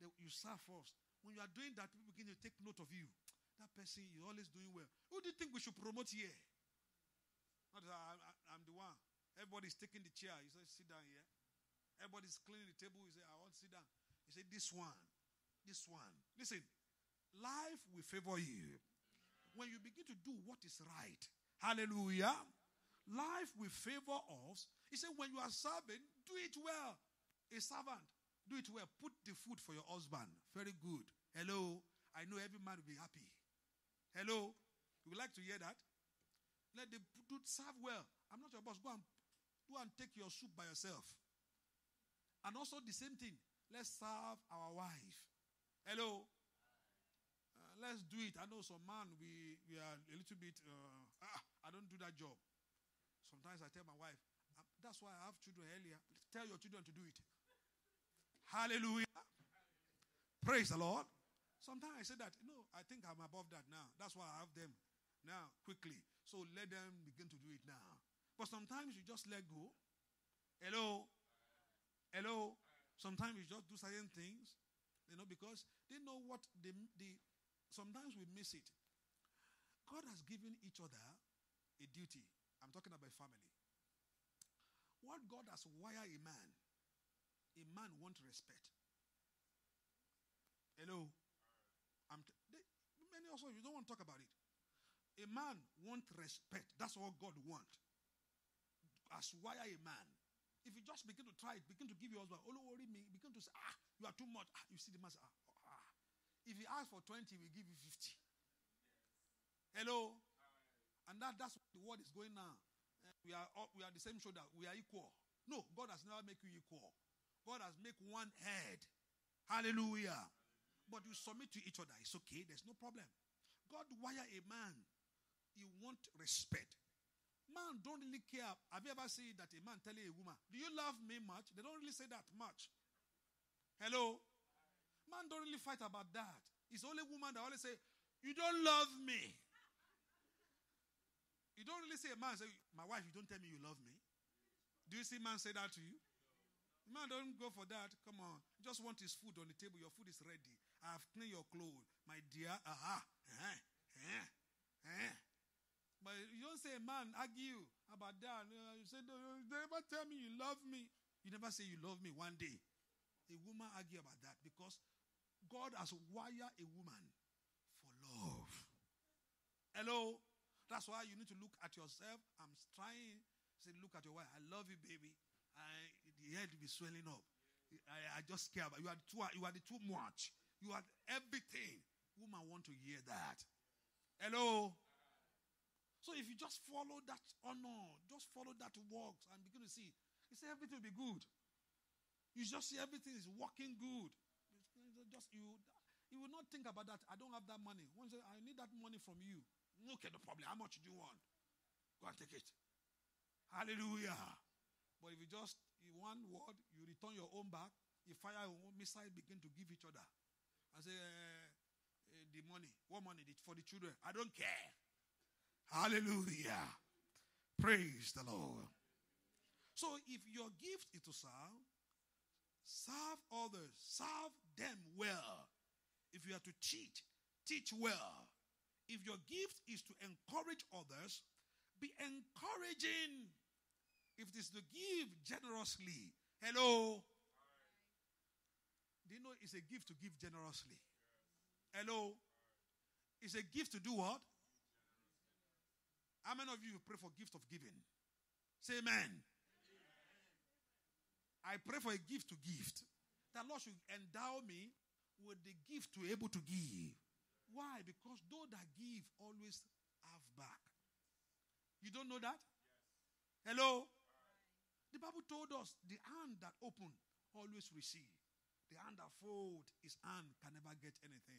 S6: that you serve first. When you are doing that, people begin to take note of you. That person is always doing well. Who do you think we should promote here? Not I, am the one. Everybody's taking the chair. You say, sit down here. Everybody's cleaning the table. You say, I want to sit down. You say, this one, this one. Listen, life will favor you. When you begin to do what is right, hallelujah, life will favor us. He said, when you are serving, do it well. A servant, do it well. Put the food for your husband. Very good. Hello. I know every man will be happy. Hello. You would like to hear that? Let the food serve well. I'm not your boss. Go and go and take your soup by yourself. And also the same thing. Let's serve our wife. Hello. Uh, let's do it. I know some man we we are a little bit. Uh, ah, I don't do that job. Sometimes I tell my wife, that's why I have children earlier. Tell your children to do it. Hallelujah. Praise the Lord. Sometimes I say that, you know, I think I'm above that now. That's why I have them now quickly. So let them begin to do it now. But sometimes you just let go. Hello. Hello. Sometimes you just do certain things, you know, because they know what the. they sometimes we miss it. God has given each other a duty. I'm talking about family. What God has wired a man, a man won't respect. Hello? I'm t- they, many also you don't want to talk about it. A man won't respect. That's what God wants. As why a man. If you just begin to try it, begin to give your husband, oh, worry me, begin to say, ah, you are too much. Ah, you see the mass ah, oh, ah. If he ask for 20, we give you 50. Hello? And that, that's what the world is going now we are, all, we are the same shoulder. We are equal. No, God has never made you equal. God has made one head. Hallelujah. Hallelujah. But you submit to each other. It's okay. There's no problem. God wire a man. You want respect. Man don't really care. Have you ever seen that a man tell a woman, "Do you love me much?" They don't really say that much. Hello, man don't really fight about that. It's only woman that always say, "You don't love me." You don't really say a man say, my wife, you don't tell me you love me. Do you see man say that to you? Man, don't go for that. Come on. Just want his food on the table. Your food is ready. I have cleaned your clothes. My dear, aha. Uh-huh. uh Uh-huh. But you don't say, man, argue about that. You say, no, you never tell me you love me. You never say you love me one day. A woman argue about that because God has wired a woman for love. Hello? That's why you need to look at yourself. I'm trying. Say, look at your wife. I love you, baby. I, the head will be swelling up. I, I just care about you. Are too, you are the too much. You are everything. Woman want to hear that. Hello. So if you just follow that honor, just follow that works, and begin to see, you see everything will be good. You just see everything is working good. Just you, you will not think about that. I don't have that money. Once I need that money from you, Look at the problem. How much do you want? Go and take it. Hallelujah. But if you just, in one word, you return your own back, you fire your own missile, begin to give each other. I say, uh, uh, the money. What money? For the children. I don't care. Hallelujah. Praise the Lord. So if your gift is to serve, serve others, serve them well. If you are to teach, teach well. If your gift is to encourage others, be encouraging. If it is to give generously, hello. Do you know it's a gift to give generously? Hello. It's a gift to do what? How many of you pray for gift of giving? Say amen. amen. I pray for a gift to gift. That Lord should endow me with the gift to able to give. Why? Because those that give always have back. You don't know that? Yes. Hello? The Bible told us the hand that open always receive. The hand that fold, is hand can never get anything.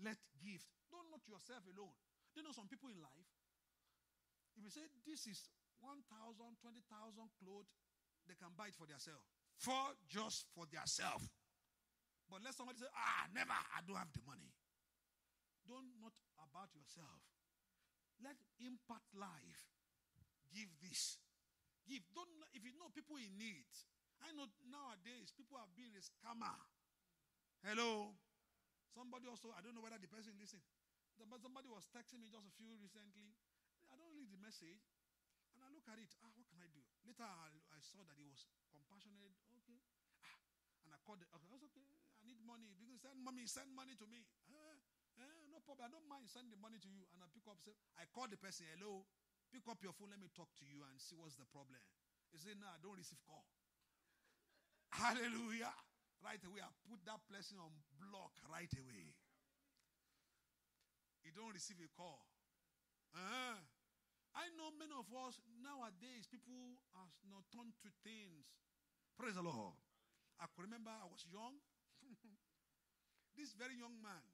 S6: Let gift. Don't not yourself alone. Do you know some people in life? If you say this is 1,000, 20,000 clothes, they can buy it for themselves. For just for themselves. But let somebody say, ah, never, I don't have the money. Don't not about yourself. Let impact life. Give this. Give. Don't if you know people in need. I know nowadays people have been a scammer. Hello. Somebody also, I don't know whether the person listened. But somebody was texting me just a few recently. I don't read the message. And I look at it. Ah, what can I do? Later I, I saw that he was compassionate. Okay. Ah, and I called the okay, that's okay. I need money. Because send money, send money to me. Eh, no problem. I don't mind sending the money to you. And I pick up, say, I call the person, hello, pick up your phone, let me talk to you and see what's the problem. He said, no, I don't receive call. Hallelujah. Right away, I put that person on block right away. You don't receive a call. Uh-huh. I know many of us nowadays, people are not turned to things. Praise the Lord. I could remember I was young. this very young man,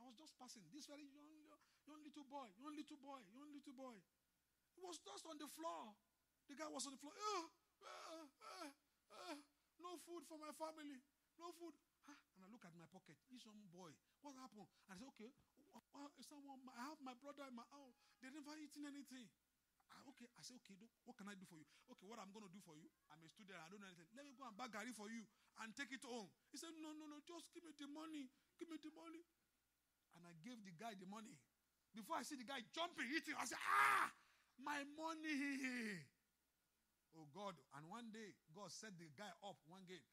S6: I was just passing. This very young, young little boy, young little boy, young little boy. He was just on the floor. The guy was on the floor. Oh, oh, oh, no food for my family. No food. Huh? Ah, and I look at my pocket. He's some boy. What happened? I said, okay, well, someone, I have my brother in my house. They never eaten anything. I, okay, I said, okay, what can I do for you? Okay, what I'm going to do for you? I'm a student. I don't know anything. Let me go and buy Gary for you and take it home. He said, no, no, no. Just give me the money. Give me the money. And I gave the guy the money. Before I see the guy jumping, eating, I said, Ah, my money. Oh God. And one day, God set the guy up one game.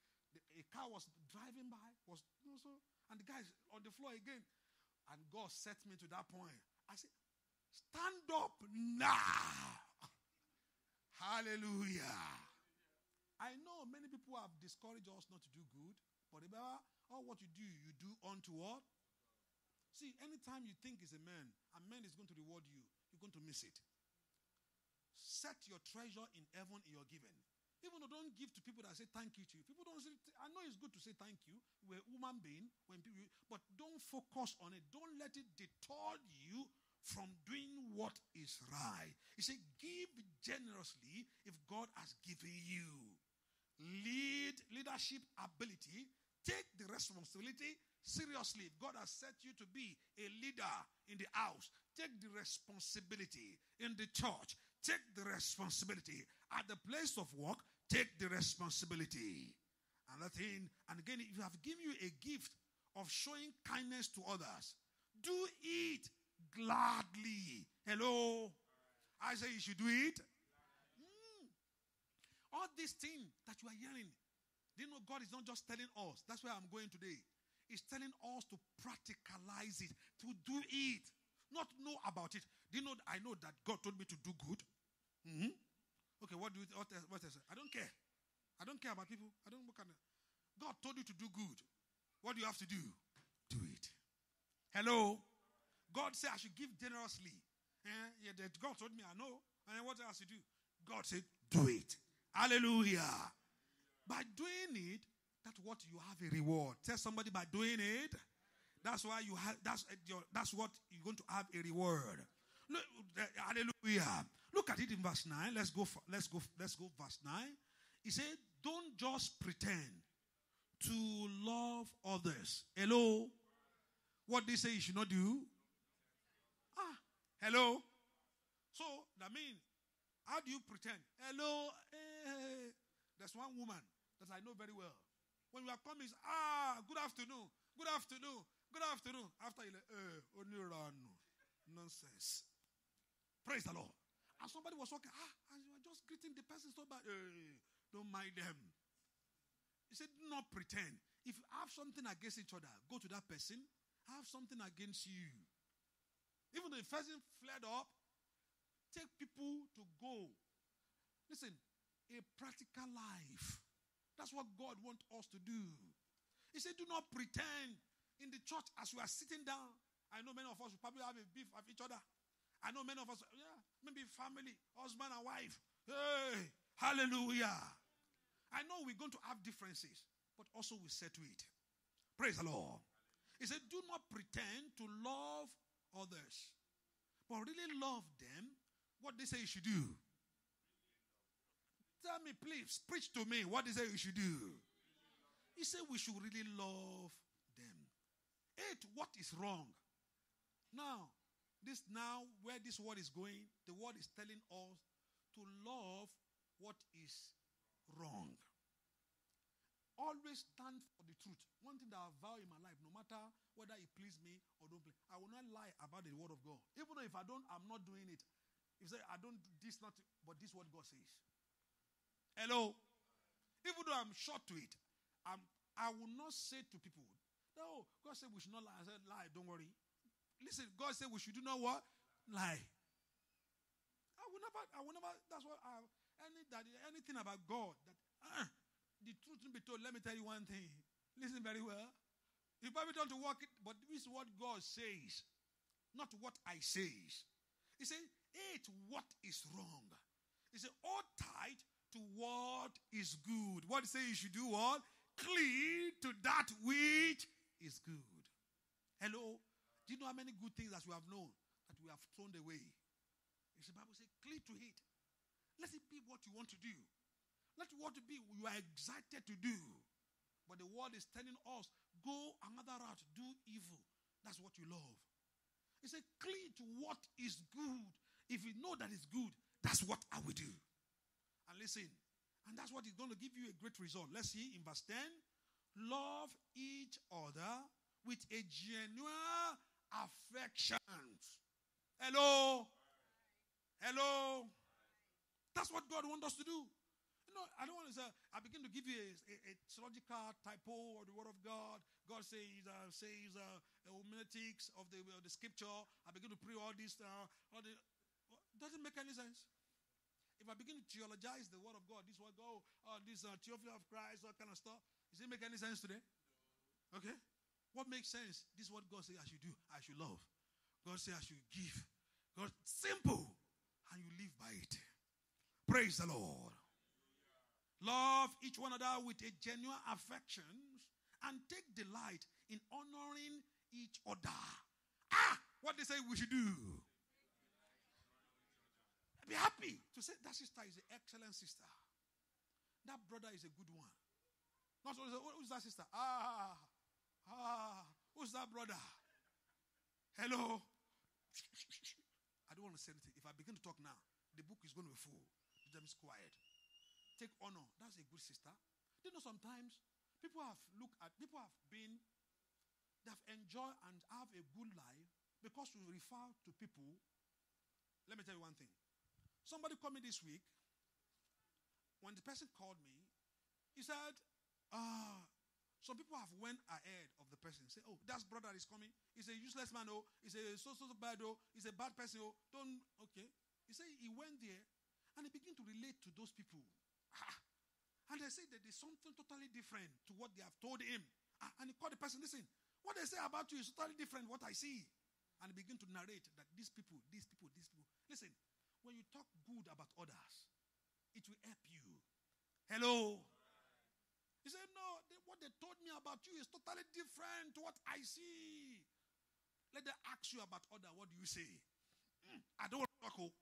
S6: a car was driving by, was you know, so, and the guy's on the floor again. And God set me to that point. I said, Stand up now. Hallelujah. I know many people have discouraged us not to do good, but remember, all what you do, you do unto what? See, anytime you think it's a man, a man is going to reward you. You're going to miss it. Set your treasure in heaven in your giving. Even though don't give to people that say thank you to you. People don't say, I know it's good to say thank you. We're human being, when people, but don't focus on it. Don't let it deter you from doing what is right. He said, give generously if God has given you. Lead leadership ability. Take the responsibility Seriously, if God has set you to be a leader in the house, take the responsibility in the church. Take the responsibility at the place of work. Take the responsibility. And that thing, and again, if you have given you a gift of showing kindness to others, do it gladly. Hello? I say you should do it. Hmm. All these things that you are hearing, do you know God is not just telling us? That's where I'm going today. He's telling us to practicalize it, to do it, not know about it. Do you know? I know that God told me to do good. Mm-hmm. Okay, what do you, what else, what else? I don't care. I don't care about people. I don't look God told you to do good. What do you have to do? Do it. Hello? God said I should give generously. Eh? Yeah, that God told me I know. And what else to do? God said, do it. Hallelujah. By doing it, that what you have a reward. Tell somebody by doing it, that's why you have that's eh, your, that's what you're going to have a reward. Look, eh, hallelujah. Look at it in verse 9. Let's go for, let's go let's go verse 9. He said, "Don't just pretend to love others." Hello. What they say you should not do? Ah, hello. So, that means how do you pretend? Hello. Hey. Eh, There's one woman that I know very well. When you are coming, ah, good afternoon, good afternoon, good afternoon. After you like, eh, only run. Nonsense. Praise the Lord. And somebody was walking, ah, and you were just greeting the person so bad. Eh, don't mind them. He said, do not pretend. If you have something against each other, go to that person. Have something against you. Even though the person flared up, take people to go. Listen, a practical life that's what God wants us to do. He said, Do not pretend in the church as we are sitting down. I know many of us probably have a beef with each other. I know many of us, yeah, maybe family, husband and wife. Hey, hallelujah. I know we're going to have differences, but also we to it. Praise the Lord. He said, Do not pretend to love others, but really love them. What they say you should do tell me, please, preach to me. What is it you should do? He said we should really love them. Eight, what is wrong? Now, this now where this word is going, the word is telling us to love what is wrong. Always stand for the truth. One thing that I vow in my life, no matter whether it please me or don't please, I will not lie about the word of God. Even though if I don't, I'm not doing it. If I don't, this not, but this what God says. Hello? Even though I'm short to it, I'm, I will not say to people, no, God said we should not lie. I said, lie, don't worry. Listen, God said we should do not what? Lie. I will never, I will never, that's what I, any, that, anything about God, that uh, the truth will be told, let me tell you one thing. Listen very well. You probably don't walk it, but this is what God says, not what I says. He said, it. what is wrong. He said, all tight to what is good. What he say you should do what? Clean to that which is good. Hello? Do you know how many good things that we have known that we have thrown away? It's the Bible says, "Clean to it. Let it be what you want to do. Let what to be you are excited to do. But the world is telling us, go another route, do evil. That's what you love. He said, cling to what is good. If you know that is good, that's what I will do. And listen, and that's what is going to give you a great result. Let's see in verse 10 love each other with a genuine affection. Hello? Hello? That's what God wants us to do. You know, I don't want to say, I begin to give you a, a, a theological typo of the Word of God. God says, uh, says uh, homiletics of the, of the Scripture. I begin to pray all this. Uh, all the, doesn't make any sense if I begin to theologize the word of God, this word, oh, oh this uh, theophany of Christ, all kind of stuff, does it make any sense today? Okay? What makes sense? This is what God says I should do. I should love. God says I should give. God, simple. And you live by it. Praise the Lord. Love each one another with a genuine affection and take delight in honoring each other. Ah, what they say we should do. Be happy to say that sister is an excellent sister. That brother is a good one. Not always. Oh, who's that sister? Ah ah, ah, ah, ah, who's that brother? Hello. I don't want to say anything. If I begin to talk now, the book is going to be full. Them is quiet. Take honor. That's a good sister. You know, sometimes people have looked at, people have been, they have enjoyed and have a good life because we refer to people. Let me tell you one thing. Somebody called me this week. When the person called me, he said, uh, some people have went ahead of the person. Say, oh, that's brother is coming. He's a useless man. Oh, he's a so so bad. Oh, he's a bad person. Oh, don't. Okay. He said he went there, and he began to relate to those people. Ah. And they say that there's something totally different to what they have told him. Ah, and he called the person. Listen, what they say about you is totally different what I see. And he began to narrate that these people, these people, these people. Listen, when you talk good about others, it will help you. Hello? He said, No, they, what they told me about you is totally different to what I see. Let them ask you about other. What do you say? Mm, I don't talk. Oh.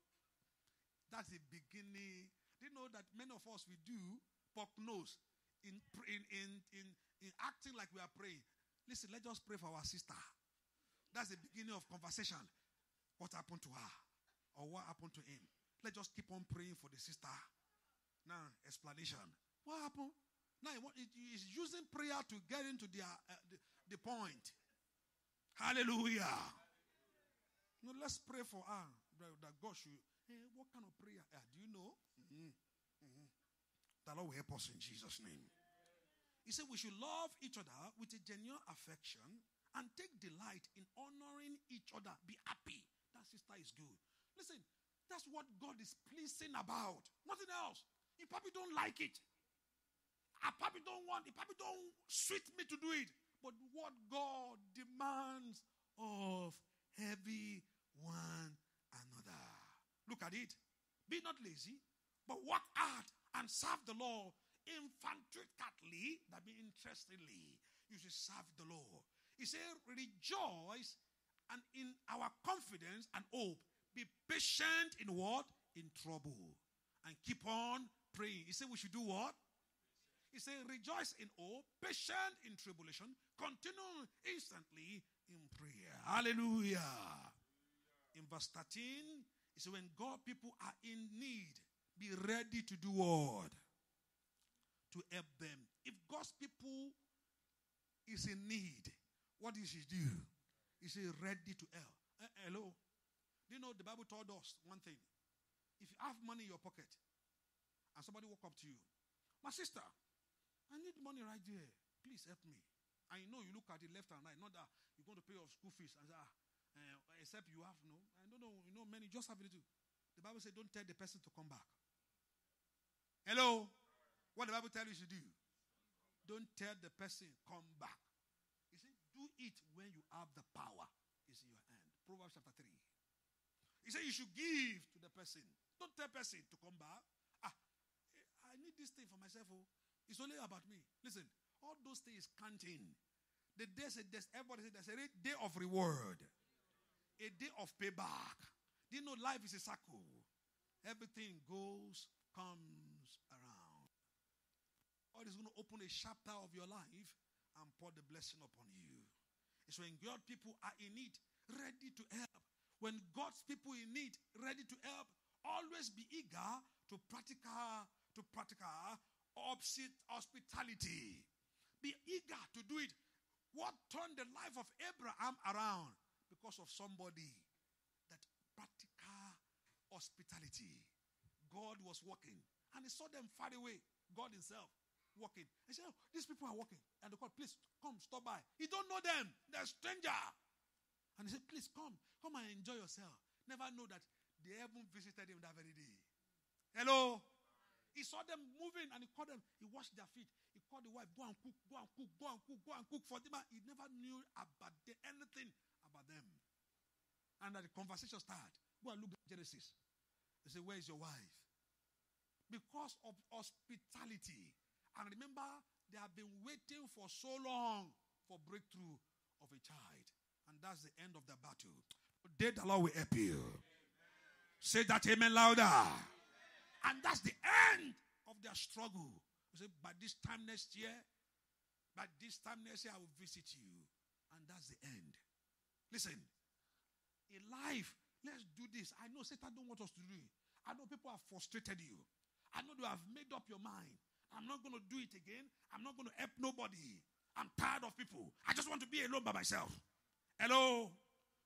S6: That's the beginning. They know that many of us we do pork nose in, in, in, in, in acting like we are praying. Listen, let's just pray for our sister. That's the beginning of conversation. What happened to her? or what happened to him. Let's just keep on praying for the sister. Now, explanation. What happened? Now, he's using prayer to get into the, uh, the, the, point. Hallelujah. No, let's pray for her that God should. Hey, eh, what kind of prayer? Uh, do you know? Mm-hmm. Mm-hmm. The Lord will help us in Jesus' name. He said we should love each other with a genuine affection and take delight in honoring each other. Be happy. That sister is good. Listen, that's what God is pleasing about. Nothing else. You probably don't like it. I probably don't want it. Probably don't sweet me to do it. But what God demands of every one another. Look at it. Be not lazy, but work hard and serve the Lord infanticately, that means interestingly. You should serve the Lord. He said, rejoice and in our confidence and hope be patient in what? In trouble. And keep on praying. He said we should do what? He said, rejoice in hope, patient in tribulation, continue instantly in prayer. Hallelujah. In verse 13, he said, when God people are in need, be ready to do what? To help them. If God's people is in need, what he do? He said, ready to help. Uh, hello? Do you know the Bible told us one thing? If you have money in your pocket and somebody walk up to you, my sister, I need money right there. Please help me. I know you look at it left and right, not that you're going to pay your school fees and say, ah, uh, except you have no. I don't know, you know, many just have it too. The Bible says, don't tell the person to come back. Hello? What the Bible tells you to do? Don't tell the person, come back. You see, do it when you have the power is in your hand. Proverbs chapter 3. He said you should give to the person. Don't tell person to come back. Ah, eh, I need this thing for myself. Oh. It's only about me. Listen, all those things counting. The day said there's everybody said there's a day of reward, a day of payback. Do you know life is a cycle? Everything goes, comes around. God is going to open a chapter of your life and pour the blessing upon you. It's when God people are in need, ready to help, when God's people in need, ready to help, always be eager to practical to practical hospitality. Be eager to do it. What turned the life of Abraham around? Because of somebody that practical hospitality. God was walking and he saw them far away. God himself walking. He said, oh, These people are walking. And the God, Please come, stop by. He don't know them. They're stranger. And he said, Please come. Come and enjoy yourself. Never know that the heaven visited him that very day. Hello? He saw them moving and he called them. He washed their feet. He called the wife, go and cook, go and cook, go and cook, go and cook for them. He never knew about the, anything about them. And the conversation started. Go and look at Genesis. They say, Where is your wife? Because of hospitality. And remember, they have been waiting for so long for breakthrough of a child. And that's the end of the battle. Today the Lord will help you. Say that amen louder. And that's the end of their struggle. You say, by this time next year, by this time next year, I will visit you. And that's the end. Listen, in life, let's do this. I know Satan don't want us to do it. I know people have frustrated you. I know you have made up your mind. I'm not going to do it again. I'm not going to help nobody. I'm tired of people. I just want to be alone by myself. Hello?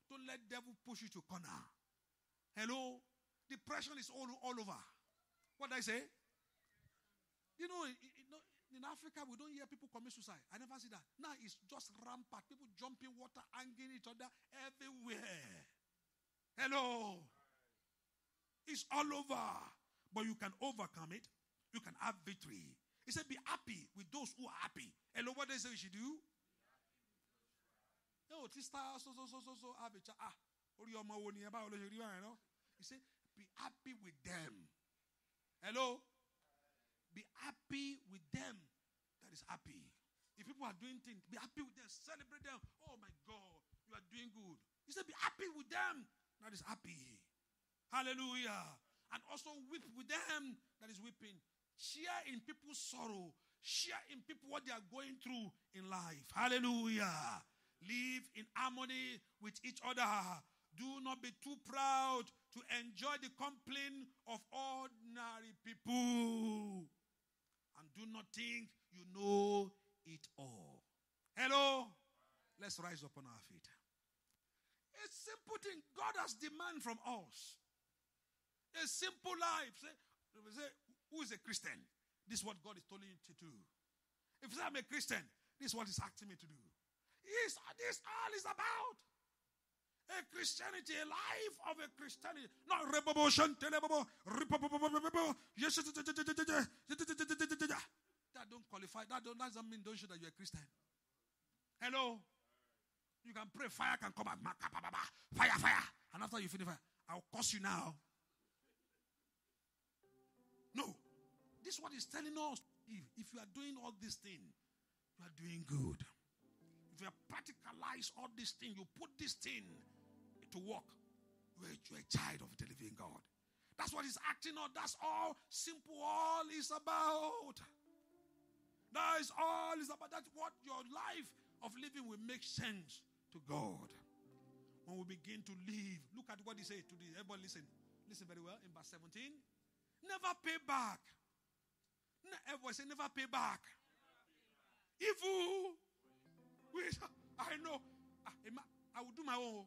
S6: Don't let devil push you to corner. Hello? Depression is all, all over. What did I say? You know, in Africa, we don't hear people commit suicide. I never see that. Now it's just rampant. People jumping water, hanging each other everywhere. Hello? It's all over. But you can overcome it. You can have victory. He said, Be happy with those who are happy. Hello, what does he say we should do? ẹ ò tí star so so so so so abicha ah orí ọmọ wo nìyẹn báwo ló ṣe rí báyìí náà he say be happy with them hello be happy with them that is happy if people are doing things be happy with them celebrate them oh my god you are doing good he say be happy with them that is happy hallelujah and also weep with them that is weeping share in people's sorrow share in people what they are going through in life hallelujah Live in harmony with each other. Do not be too proud to enjoy the complaint of ordinary people. And do not think you know it all. Hello? Let's rise up on our feet. A simple thing God has demand from us. A simple life. Say, say, who is a Christian? This is what God is telling you to do. If I'm a Christian, this is what He's asking me to do. Is this all is about? A Christianity, a life of a Christianity. Not that don't qualify. That don't that doesn't mean don't show that you're a Christian. Hello. You can pray, fire can come back, Fire, fire. And after you finish I'll curse you now. No. This is telling us. If, if you are doing all this thing, you are doing good verticalize all this thing, you put this thing to work, you're, you're a child of the living God. That's what he's acting on. That's all simple, all is about. That is all is about. That's what your life of living will make sense to God. When we begin to live, look at what he said to this. Everybody listen. Listen very well in verse 17. Never pay back. Everyone say, never pay back. Never pay back. Evil I know. Ah, I will do my own.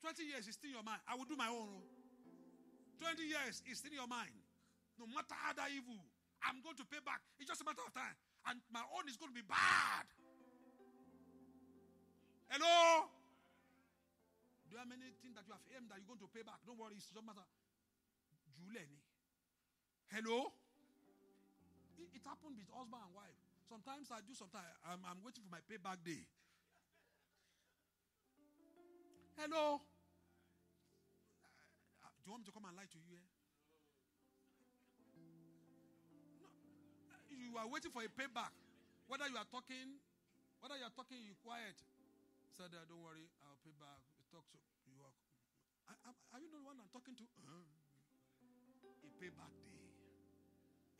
S6: 20 years is still your mind. I will do my own. 20 years is still your mind. No matter how that evil, I'm going to pay back. It's just a matter of time. And my own is going to be bad. Hello? Do you have anything that you have aimed that you're going to pay back? Don't worry, it's just matter. Juleni. Hello? It, it happened with husband and wife. Sometimes I do, sometimes I'm, I'm waiting for my payback day. Hello? Uh, uh, do you want me to come and lie to you? Eh? No. Uh, you are waiting for a payback. Whether you are talking, whether you are talking, you quiet. Said, so don't worry, I'll pay back. We talk to you. Are, are, are you not the one I'm talking to? Uh, a payback day.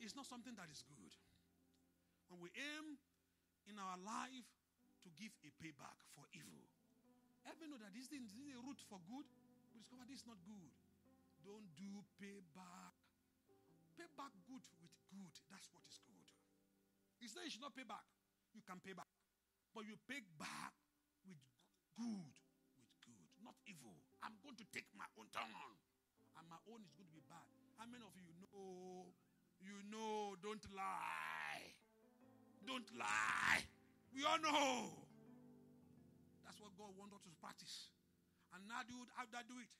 S6: It's not something that is good. And we aim in our life to give a payback for evil. Ever know that this thing this is a route for good? We discover this is not good. Don't do payback. Pay back good with good. That's what is good. It's not you should not pay back. You can pay back. But you pay back with good, with good, not evil. I'm going to take my own turn. And my own is going to be bad. How many of you know? You know, don't lie. Don't lie. We all know. That's what God wanted us to practice. And now do how have do it.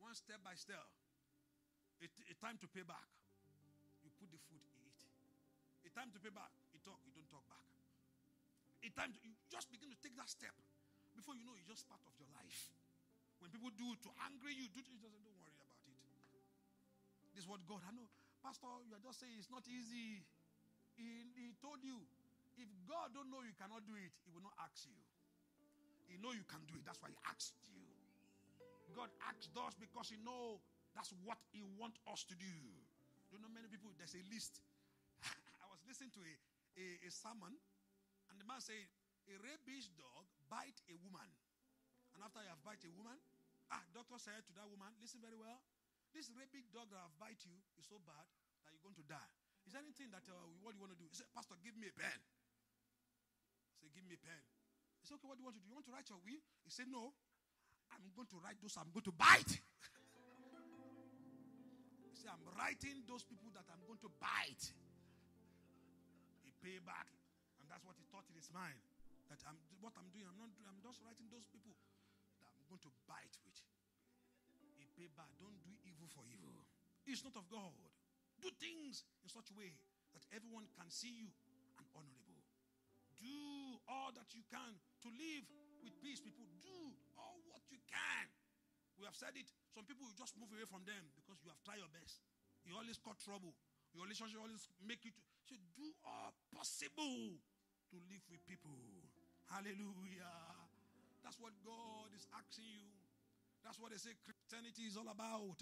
S6: One step by step. A, a time to pay back. You put the food, you eat. A time to pay back. You talk, you don't talk back. A time to, you just begin to take that step. Before you know, it's just part of your life. When people do to angry you, do just don't worry about it. This is what God. I know, Pastor, you are just saying it's not easy. He, he told you, if God don't know you cannot do it, he will not ask you. He know you can do it. That's why he asked you. God asked us because he know that's what he want us to do. You know many people, there's a list. I was listening to a, a, a sermon and the man said, a rabid dog bite a woman. And after you have bite a woman, ah, doctor said to that woman, listen very well, this rabid dog that have bite you is so bad that you're going to die. Is there anything that uh, what you want to do? He said, Pastor, give me a pen. I said, Give me a pen. He said, Okay, what do you want to do? You want to write your will? He said, No. I'm going to write those I'm going to bite. he said, I'm writing those people that I'm going to bite. He paid back. And that's what he thought in his mind. That I'm what I'm doing, I'm not I'm just writing those people that I'm going to bite with. He paid back. Don't do evil for evil. It's not of God. Do things in such a way that everyone can see you and honorable. Do all that you can to live with peace, people. Do all what you can. We have said it. Some people will just move away from them because you have tried your best. You always cause trouble. Your relationship always make you to so do all possible to live with people. Hallelujah. That's what God is asking you. That's what they say Christianity is all about.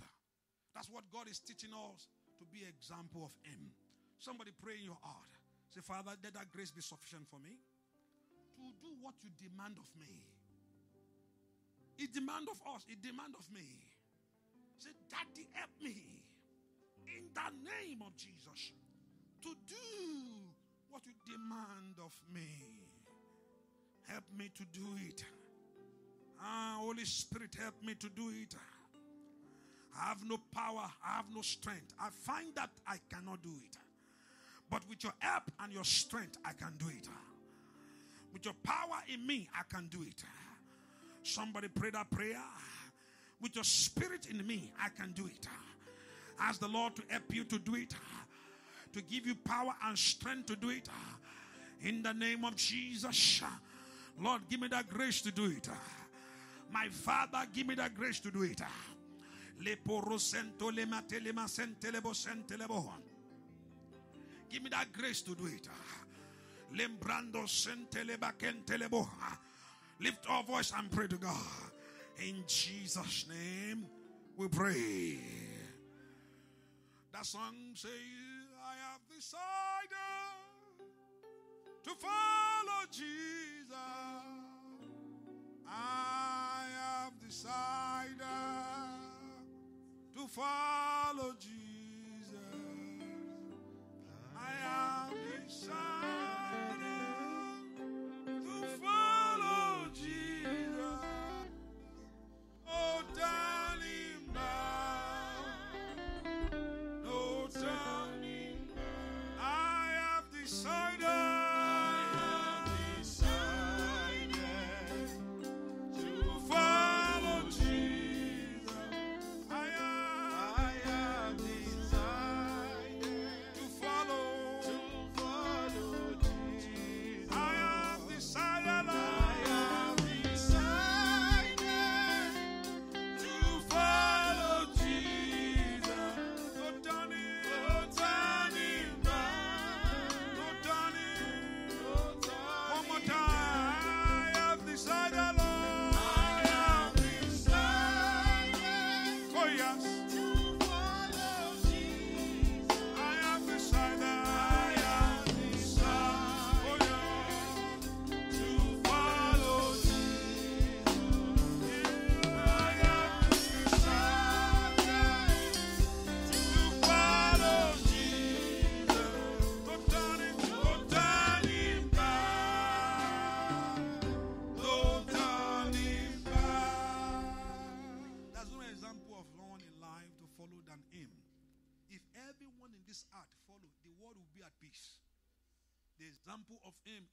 S6: That's what God is teaching us to be example of him. Somebody pray in your heart. Say, Father, let that grace be sufficient for me to do what you demand of me. It demand of us, it demand of me. Say, Daddy, help me in the name of Jesus to do what you demand of me. Help me to do it. Ah, Holy Spirit, help me to do it. I have no power. I have no strength. I find that I cannot do it. But with your help and your strength, I can do it. With your power in me, I can do it. Somebody pray that prayer. With your spirit in me, I can do it. Ask the Lord to help you to do it, to give you power and strength to do it. In the name of Jesus, Lord, give me that grace to do it. My Father, give me that grace to do it. Give me that grace to do it. Lembrando Lift our voice and pray to God. In Jesus' name we pray. That song says, I have
S3: decided to follow Jesus. I have decided to follow Jesus. I am His son.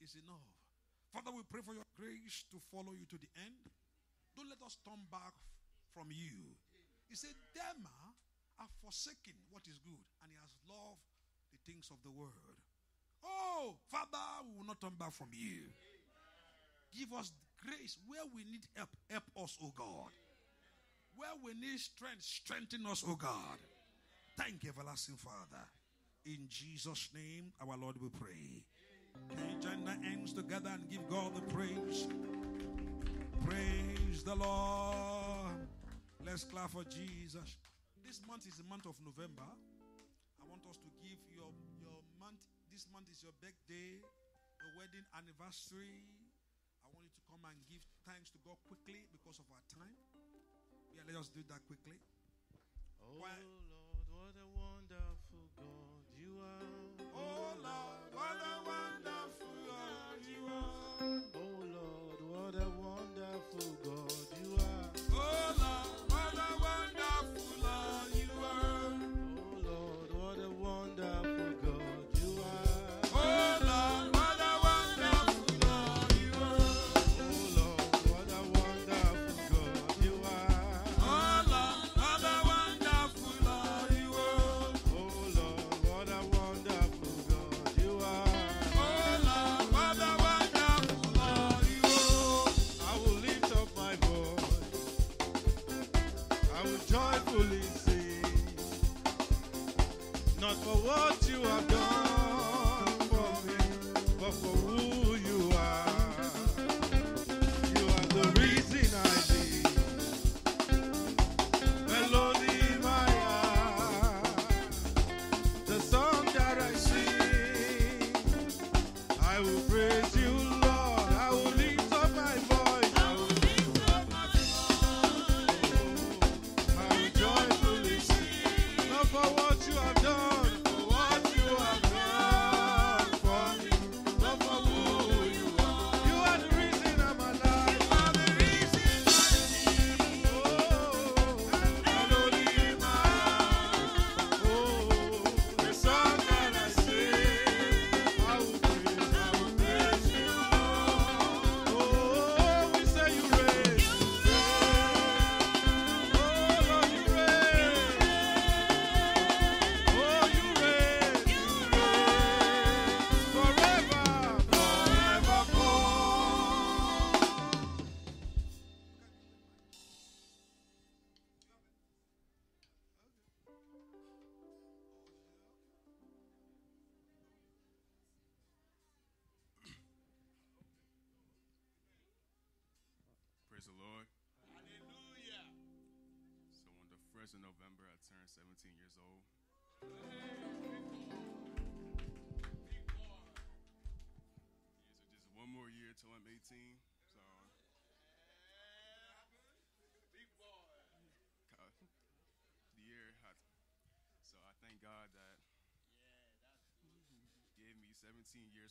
S6: is enough. Father, we pray for your grace to follow you to the end. Don't let us turn back from you. He said, "Them are forsaken what is good, and he has loved the things of the world. Oh, Father, we will not turn back from you. Give us grace where we need help, help us, O oh God. Where we need strength, strengthen us, O oh God. Thank you, everlasting Father. In Jesus' name, our Lord, we pray. Can you join the hands together and give God the praise? Praise the Lord. Let's clap for Jesus. This month is the month of November. I want us to give your, your month. This month is your birthday, your wedding anniversary. I want you to come and give thanks to God quickly because of our time. Yeah, let us do that quickly. Oh Quiet. Lord, what a wonderful
S3: God.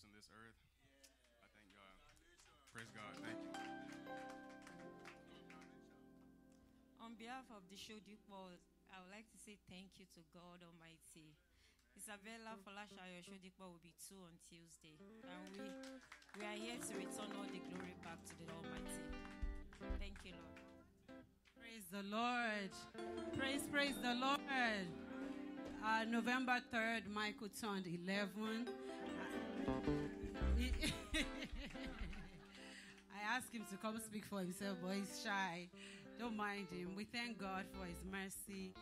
S3: years on this earth. I thank God. Praise God. Thank you.
S4: On behalf of the show I would like to say thank you to God Almighty. Isabella year Shodikwa will be two on Tuesday. And we, we are here to return all the glory back to the Almighty. Thank you, Lord. Praise the Lord. Praise, praise the Lord. Uh, November 3rd, Michael turned 11. I asked him to come speak for himself, but he's shy. Don't mind him. We thank God for his mercy,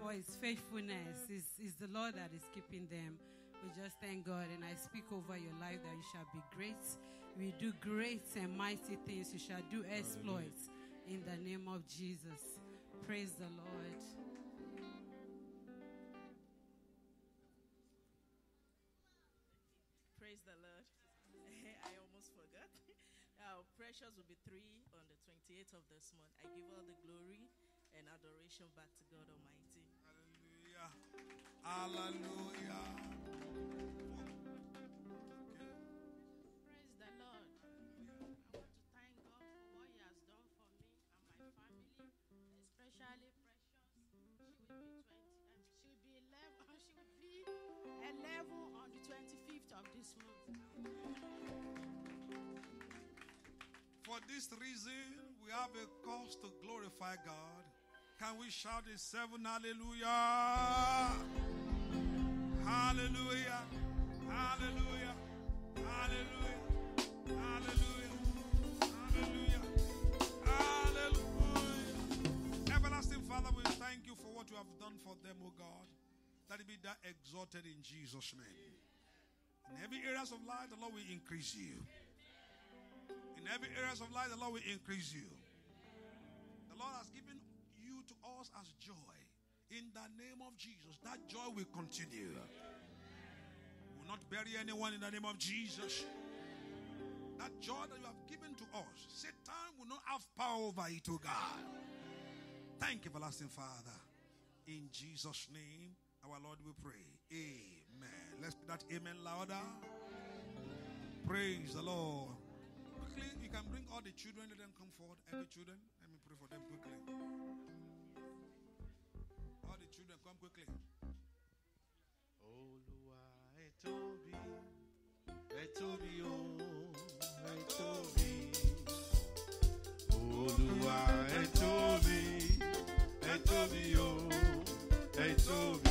S4: for his faithfulness. It's, it's the Lord that is keeping them. We just thank God, and I speak over your life that you shall be great. We do great and mighty things. You shall do exploits in the name of Jesus. Praise the Lord. of this month. I give all the glory and adoration back to God Almighty. Hallelujah.
S3: Hallelujah.
S4: Praise the Lord. I want to thank God for what He has done for me and my family, especially Precious. She will be 20, um, she will be 11, she will be 11 on the 25th of this month.
S6: For this reason, we have a cause to glorify God. Can we shout a seven hallelujah?
S3: Hallelujah. Hallelujah. Hallelujah. Hallelujah.
S6: Hallelujah. Everlasting Father, we thank you for what you have done for them, O God. Let it be that exalted in Jesus' name. In every areas of life, the Lord will increase you. In every areas of life, the Lord will increase you. The Lord has given you to us as joy. In the name of Jesus, that joy will continue. We will not bury anyone in the name of Jesus. That joy that you have given to us, Satan will not have power over it, oh God. Thank you, everlasting Father. In Jesus' name, our Lord, we pray. Amen. Let's put that amen louder. Praise the Lord. Quickly, you can bring all the children, let them come forward, every children for them quickly. All the children come quickly. Oh,
S3: ẹ Etobi, Etobi oh, Etobi.
S1: Oh, Olúwa Etobi,
S3: Etobi oh, Etobi.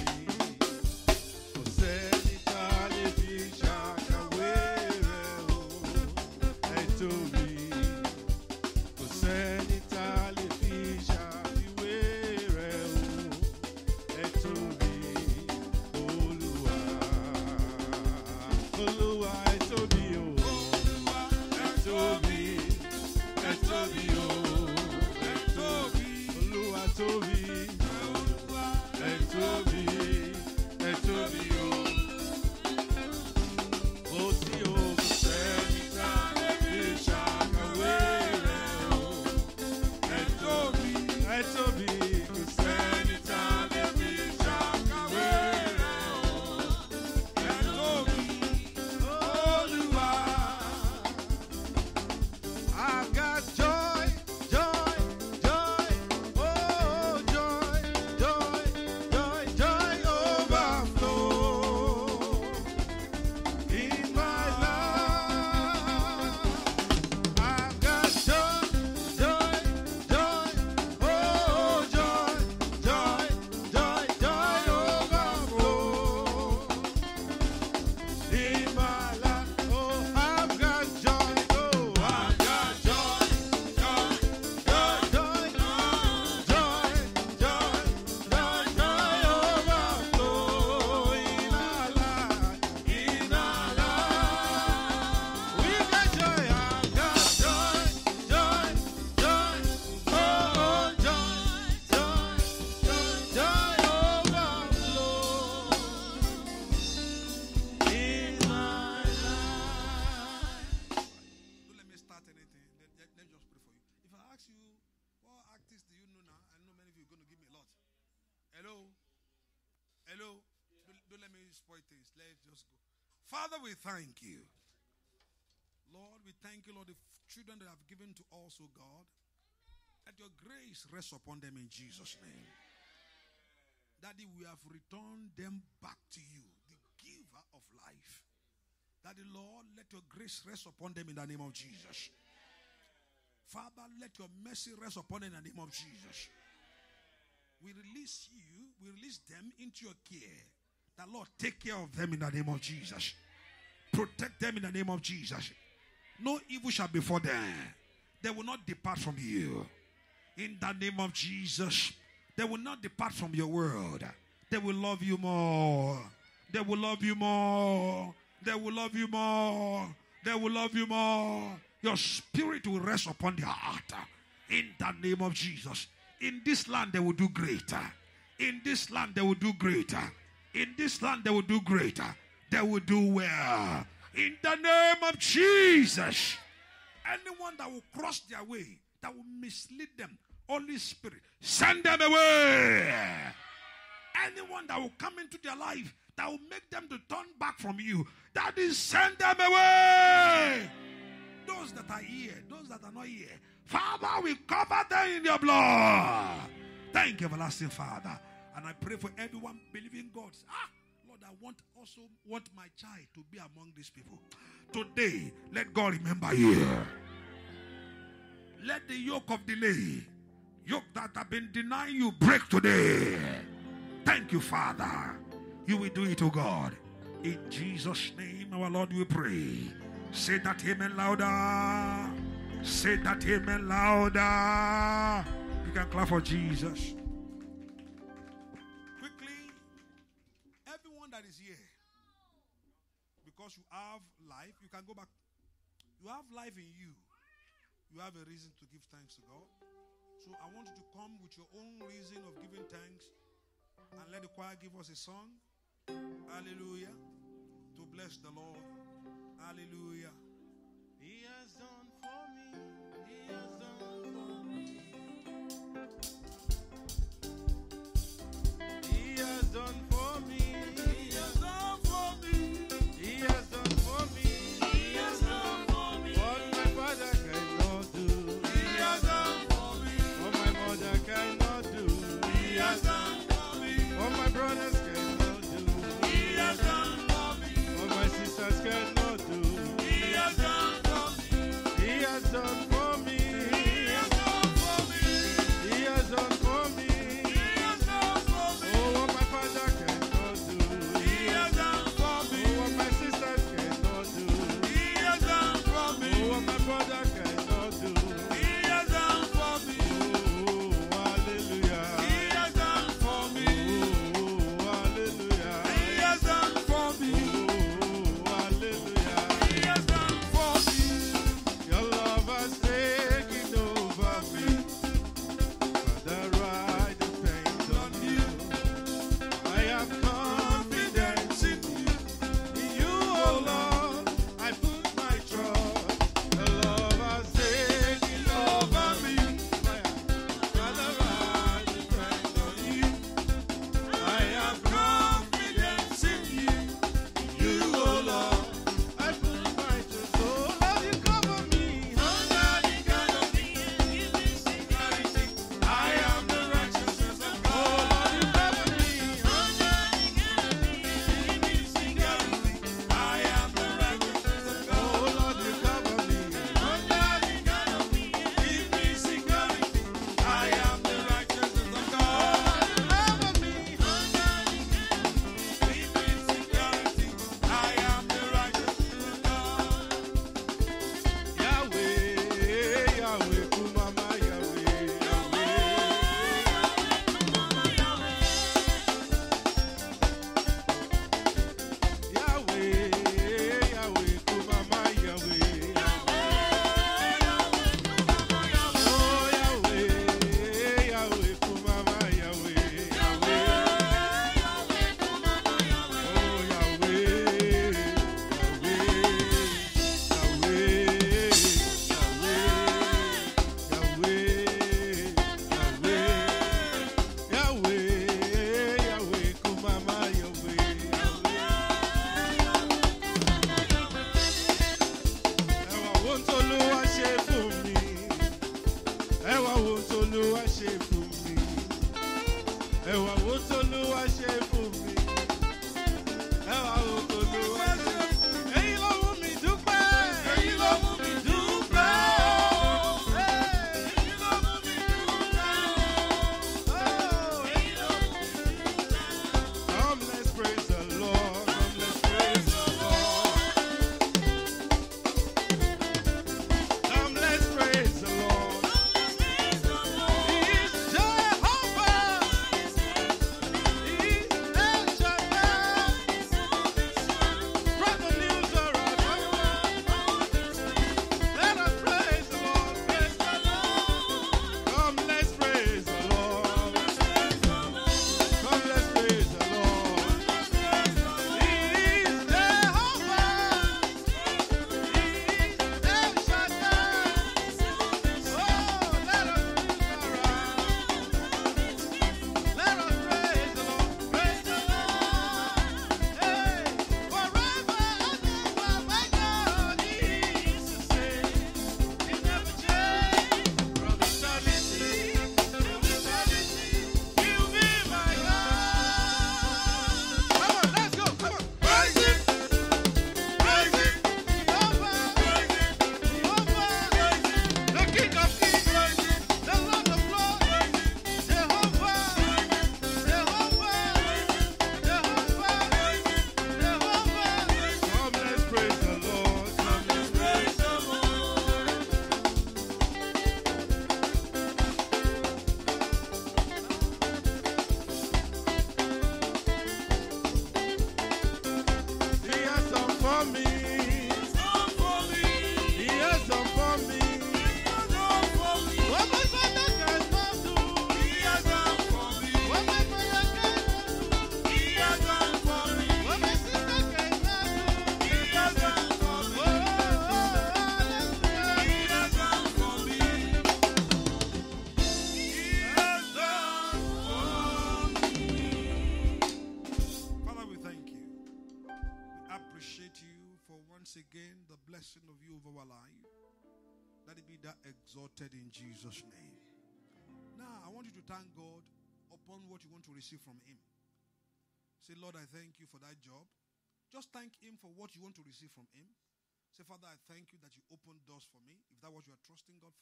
S6: grace rest upon them in Jesus' name. Daddy, we have returned them back to you, the giver of life. Daddy, Lord, let your grace rest upon them in the name of Jesus. Father, let your mercy rest upon them in the name of Jesus. We release you, we release them into your care. The Lord, take care of them in the name of Jesus. Protect them in the name of Jesus. No evil shall befall them. They will not depart from you. In the name of Jesus, they will not depart from your world. They will love you more. They will love you more. They will love you more. They will love you more. Your spirit will rest upon their heart. In the name of Jesus. In this land, they will do greater. In this land, they will do greater. In this land, they will do greater. They will do well. In the name of Jesus. Anyone that will cross their way, that will mislead them, Holy Spirit, send them away. Anyone that will come into their life that will make them to turn back from you, that is, send them away. Those that are here, those that are not here, Father, we cover them in your blood. Thank you, everlasting Father. And I pray for everyone believing God. Ah, Lord, I want also want my child to be among these people. Today, let God remember you. Let the yoke of delay Yoke that have been denying you, break today. Thank you, Father. You will do it, oh God. In Jesus' name, our Lord, we pray. Say that amen louder. Say that amen louder. You can clap for Jesus. Quickly, everyone that is here, because you have life, you can go back. You have life in you. You have a reason to give thanks to God. So I want you to come with your own reason of giving thanks and let the choir give us a song. Hallelujah. To bless the Lord. Hallelujah. He has done for me. He has done.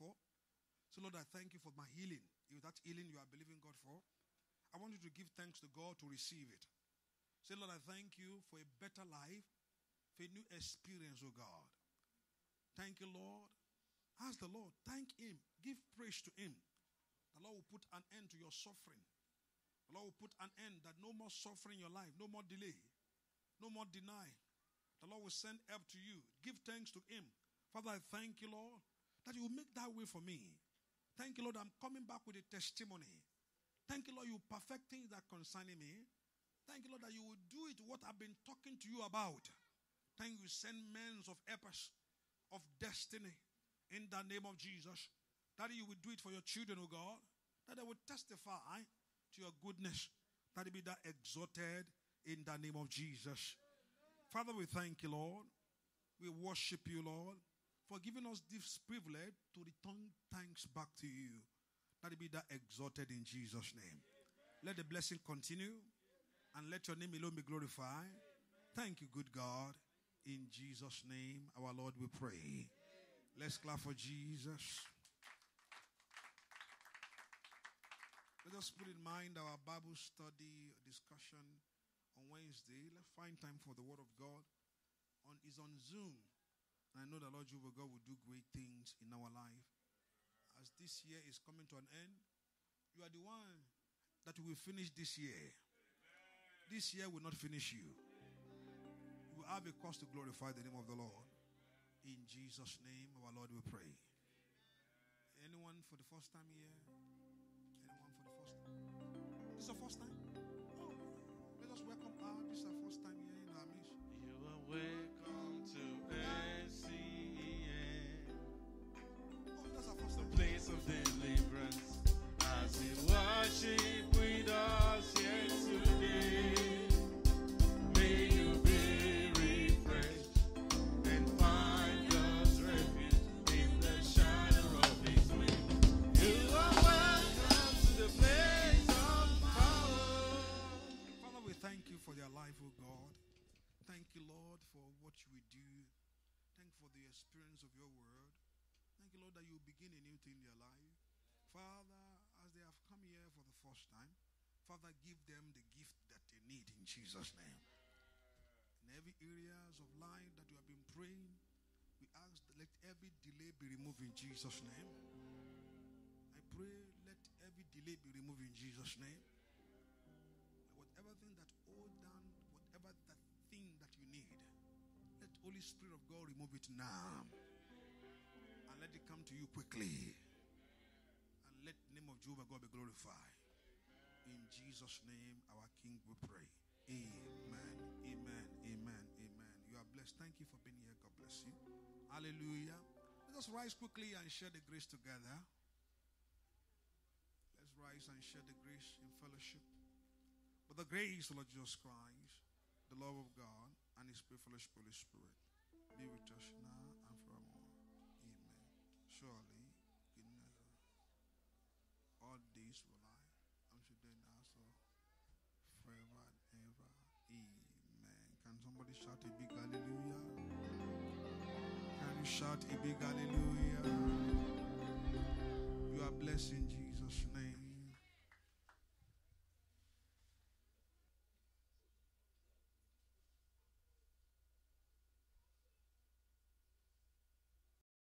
S6: for. So, Lord, I thank you for my healing. If that healing you are believing God for, I want you to give thanks to God to receive it. Say, Lord, I thank you for a better life, for a new experience, oh God. Thank you, Lord. Ask the Lord, thank Him, give praise to Him. The Lord will put an end to your suffering. The Lord will put an end that no more suffering in your life, no more delay, no more deny. The Lord will send help to you. Give thanks to Him. Father, I thank you, Lord, that you make that way for me. Thank you, Lord. I'm coming back with a testimony. Thank you, Lord. You perfect things that concerning me. Thank you, Lord, that you will do it what I've been talking to you about. Thank you, send men of epas, of destiny, in the name of Jesus. That you will do it for your children, O oh God. That they will testify to your goodness. That they be that exalted in the name of Jesus. Father, we thank you, Lord. We worship you, Lord for giving us this privilege to return thanks back to you. That be that exalted in Jesus' name. Amen. Let the blessing continue and let your name alone be glorified. Amen. Thank you, good God. In Jesus' name, our Lord, we pray. Let's clap for Jesus. Let us put in mind our Bible study discussion on Wednesday. Let's find time for the Word of God. On is on Zoom. I know the Lord Jehovah God will do great things in our life. As this year is coming to an end, you are the one that will finish this year. This year will not finish you. You will have a cause to glorify the name of the Lord. In Jesus' name, our Lord, we pray. Anyone for the first time here? Anyone for the first time? This is the first
S1: time? Oh,
S6: let us welcome our. Ah, this is our first time here in our mission.
S1: You are welcome.
S3: the place of deliverance. As we worship with us here today, may you be refreshed and find us refuge in the of His You are welcome to the place of power. Father, we thank you for
S6: your life, O God. Thank you, Lord, for what you do. Thank you for the experience of your word that you begin a new thing in their life. Father, as they have come here for the first time, Father, give them the gift that they need in Jesus' name. In every areas of life that you have been praying, we ask that let every delay be removed in Jesus' name. I pray let every delay be removed in Jesus' name. Whatever thing that hold down, whatever that thing that you need, let Holy Spirit of God remove it now let it come to you quickly. And let the name of Jehovah God be glorified. In Jesus' name, our King, we pray. Amen. Amen. Amen. Amen. You are blessed. Thank you for being here. God bless you. Hallelujah. Let us rise quickly and share the grace together. Let's rise and share the grace in fellowship. But the grace of Lord Jesus Christ, the love of God, and His privileged Holy Spirit be with us now you shout a big hallelujah? Can you shout a big hallelujah? You are blessed in Jesus' name.